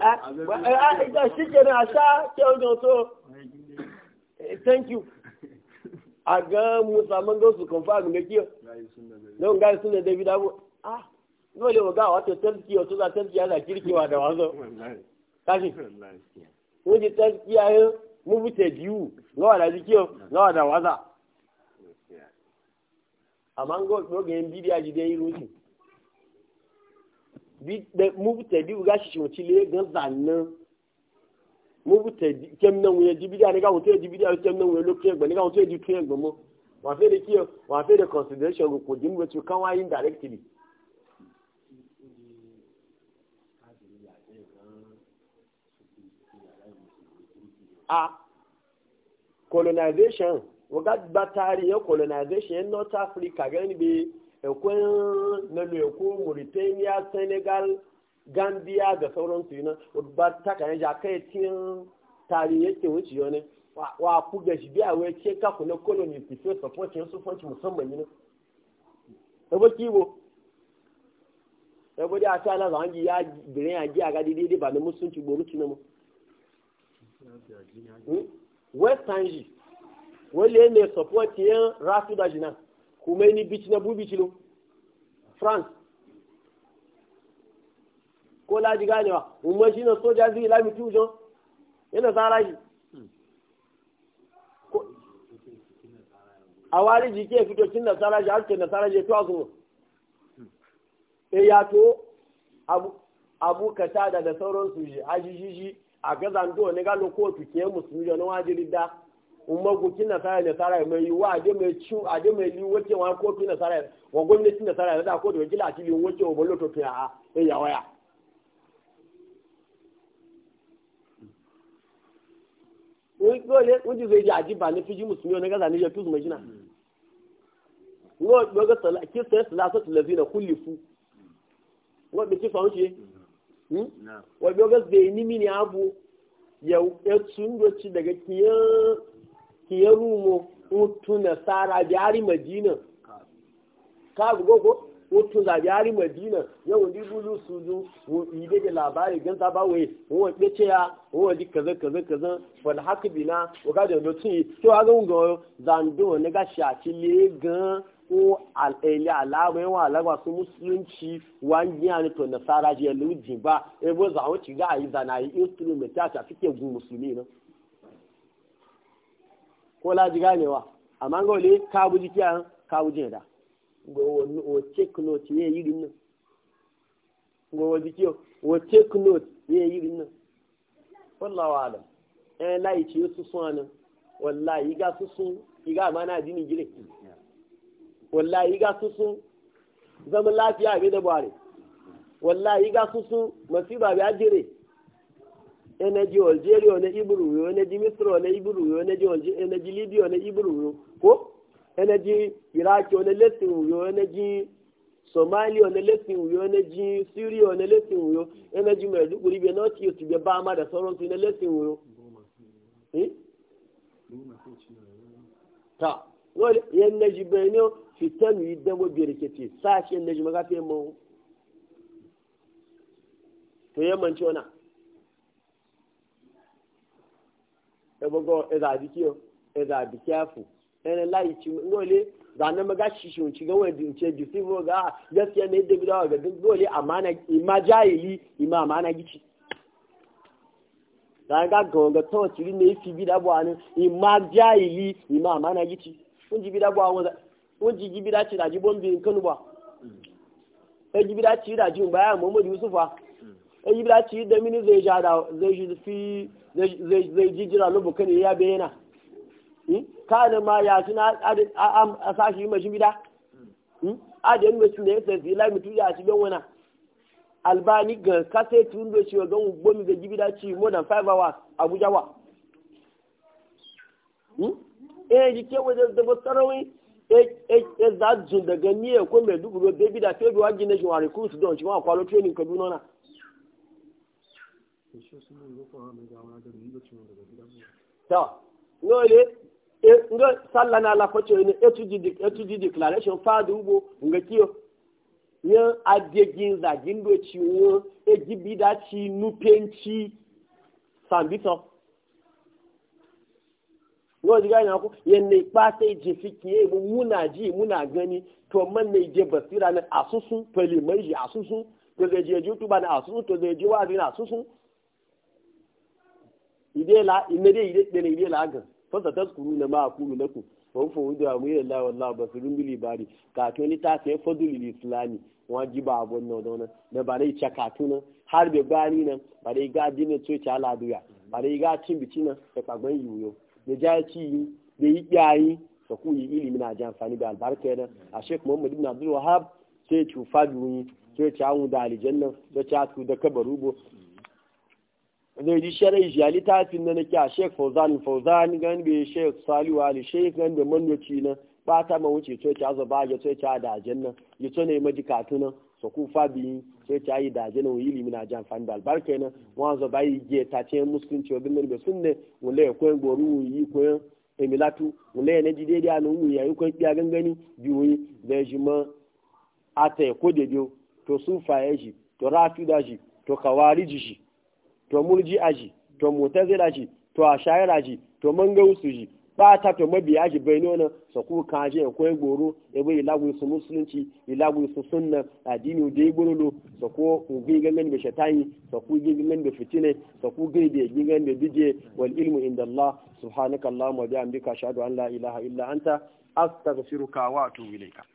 Speaker 1: A! shi sha so. Thank you. A Musa confam David Abu. dole mu ga wato tazkiya to za tazkiya na kirkewa da wazo kashi ko tazkiya yin mu biyu ga wala zikiyo ga wala waza amma ngo to ga yin bidiya ji dai bi da biyu ga shi mu cile ga zanna mu bute kem nan wuya ji bidiya ne ga wuce ji bidiya kem nan wuya lokacin gbe ne ga wuce ji tuyen gbe mo wa kiyo wa fe consideration ko jin a colonization waga ba tarihin colonization north africa gani be ekwen nalu ekwo mauritania senegal gambia da sauransu yi nan ba ta kan ja wa shi ka kuna colony ki support su musamman ya birin ya ba Hmm? West Angie, wale ne support yan rasu da jina kuma ni bici na bubi france ko laji ganewa umar shi na soja zai lami tujon yana tsara yi a wari nasara harkar nasara tuwa e ya to abu kata da da sauransu shi shi a gaza ndo ne ga lo kotu ke musulmi yo na jiri da umma go kin na sai ne sarai mai yi wa de mai chu a de mai wa kotu na wa gwamnati na sarai da ko da wakila ti yin wace obo loto to ya e ya waya wọ́n gbọ́dọ̀ Wani ti sọ èdè àjíbà ní fíjì mùsùlùmí ọ̀nà gaza ní yẹ tùsùmọ̀ jìnnà wọ́n gbọ́dọ̀ kí sẹ́ńsì lásán tìlẹ̀ sí náà kú lè fún wọ́n gbé da sọ̀rọ̀ wajen gas da yi ne abu ya tsun doci daga kiyar rumo mutu na tsara biyari madina ka gugo ko mutu za biyari madina yawon dibulu su zu yi daga labari gan ta bawai wọn ɓece ya wọn di kaza kaza kaza wadda haka bina wakadar da tun yi to zan ga wunga zando na gashi a cile gan ko al'aili alama yawan alama su musulunci wani yana to nasara je luji ba e bo za wuce ga ayi zana yi instrument ta ta fike gun musulmi na ko la ji ganewa amma ga wale ka buji kiya ka buji da go o check note ye yi din go o ji kiyo o check note ye yi din wallahi alam eh lai ci su sunan wallahi ga su sun iga mana dini gire wallahi ga susu zaman lafiya bi da buhari wallahi ga susu masiba bi ajire ene ji algeria one ibru yo ene ji misro one ibru yo ene ji ene libya one ibru yo ko ene ji iraq one lesin yo ene ji somali one lesin yo ene ji syria one lesin yo ene ji maiduguri bi north east bi ba ma da sauran su ene lesin yo eh? ta wani yan na ji fitanu yi dango berkete sashen na jimaga fiye mawu to yamman ci wana ebogo ezabi kiyo ezabi kiafu ene layi ci ngole zane maga shishi unci ga wani unce jusi mo ga gaskiya ne da bidawa ga duk gole amana ima jahili ima amana gici da ga gonga to ci ne fi bidawa ne ima jahili ima amana gici kun ji bidawa wanda wọ́n jí jíbi láti ìdájí bó ìdájí ń báyà mọ́mọ́dé yusufa ẹ jíbi láti ìdẹ́mínú zai ṣe àdá zai fi zai hmm? káàdì máa yà sí a sáṣì yìí mọ̀ṣí bídá adé ń lọ́sí lẹ́yìn yà sí albani gan kásẹ̀tì ń lọ́sí zai jíbi láti more than five hours abuja wa. ẹ̀ ẹ́ jí kéwòn dẹ́gbẹ́ sọ́rọ́ e, e, e za zun daga ni e mai dubu be bi da fe bi wa gine shi wa recruit don shi ma kwalo training kaduna na ta no le e nga salla na la focho ni etuji di etuji declaration fa du bo nga kiyo nya adegin za gindo chi wo e gibi da chi nu penchi sambiton yau ji gane ku yanne ba sai je fikiye mu muna ji muna gani to man ne je basira na asusun fali mai ji asusun to zai je youtube na asusun to zai je wazi na asusun ide la ine dai ide dai ide la ga fa ta tazkuru ne ma aqulu lakum ku. fa wuda mu ya Allah wallahi basirun bil ibadi ka to ni ta sai fadlul islami wajiba abun nan don na ba dai chaka ne. har be gani nan ba dai ga dinin to ta ala duya ba dai ga cin bici nan da kagban yiwo da jaci da yi yayi da ku yi ilimi na ji amfani da albarka yana a shek muhammad ibn abdul wahab sai cufa duni sai ci an da aljanna da ci su da kabarubo zai ji sharai shi littafin na nake a shek fauzan fauzan gan bai shek salihu ali shek gan bai mandoci na ba ta ma wuce sai ci azaba ya sai ci da aljanna ya so ne majikatu na su ku fa biyu sai ta yi daje na wili mina jan amfani da albarka yana wanzo bayi ge ta ce musulunci wa bimin da sunne wule ya koyan goru yi koyan emilatu wule ya naji daidai a nan yayi koyan kiya gangani biyoyi da shi ma ata ya ko daidai to sufa ya ji to rafida ji to kawariji ji to murji a ji to mutazila ji to a ji to mangausu ji. ba ta to mabiya shi bai nuna sa ku kaje ya goro ya bai lagu su musulunci lagu su sunna addini da ya gurulu su ku ubi gangan da shatayi sa ku gi gangan da fitine sa ku gai da gi da bije wal ilmu inda Allah subhanaka Allahumma bi bihamdika ashhadu an la ilaha illa anta astaghfiruka wa atubu ilayka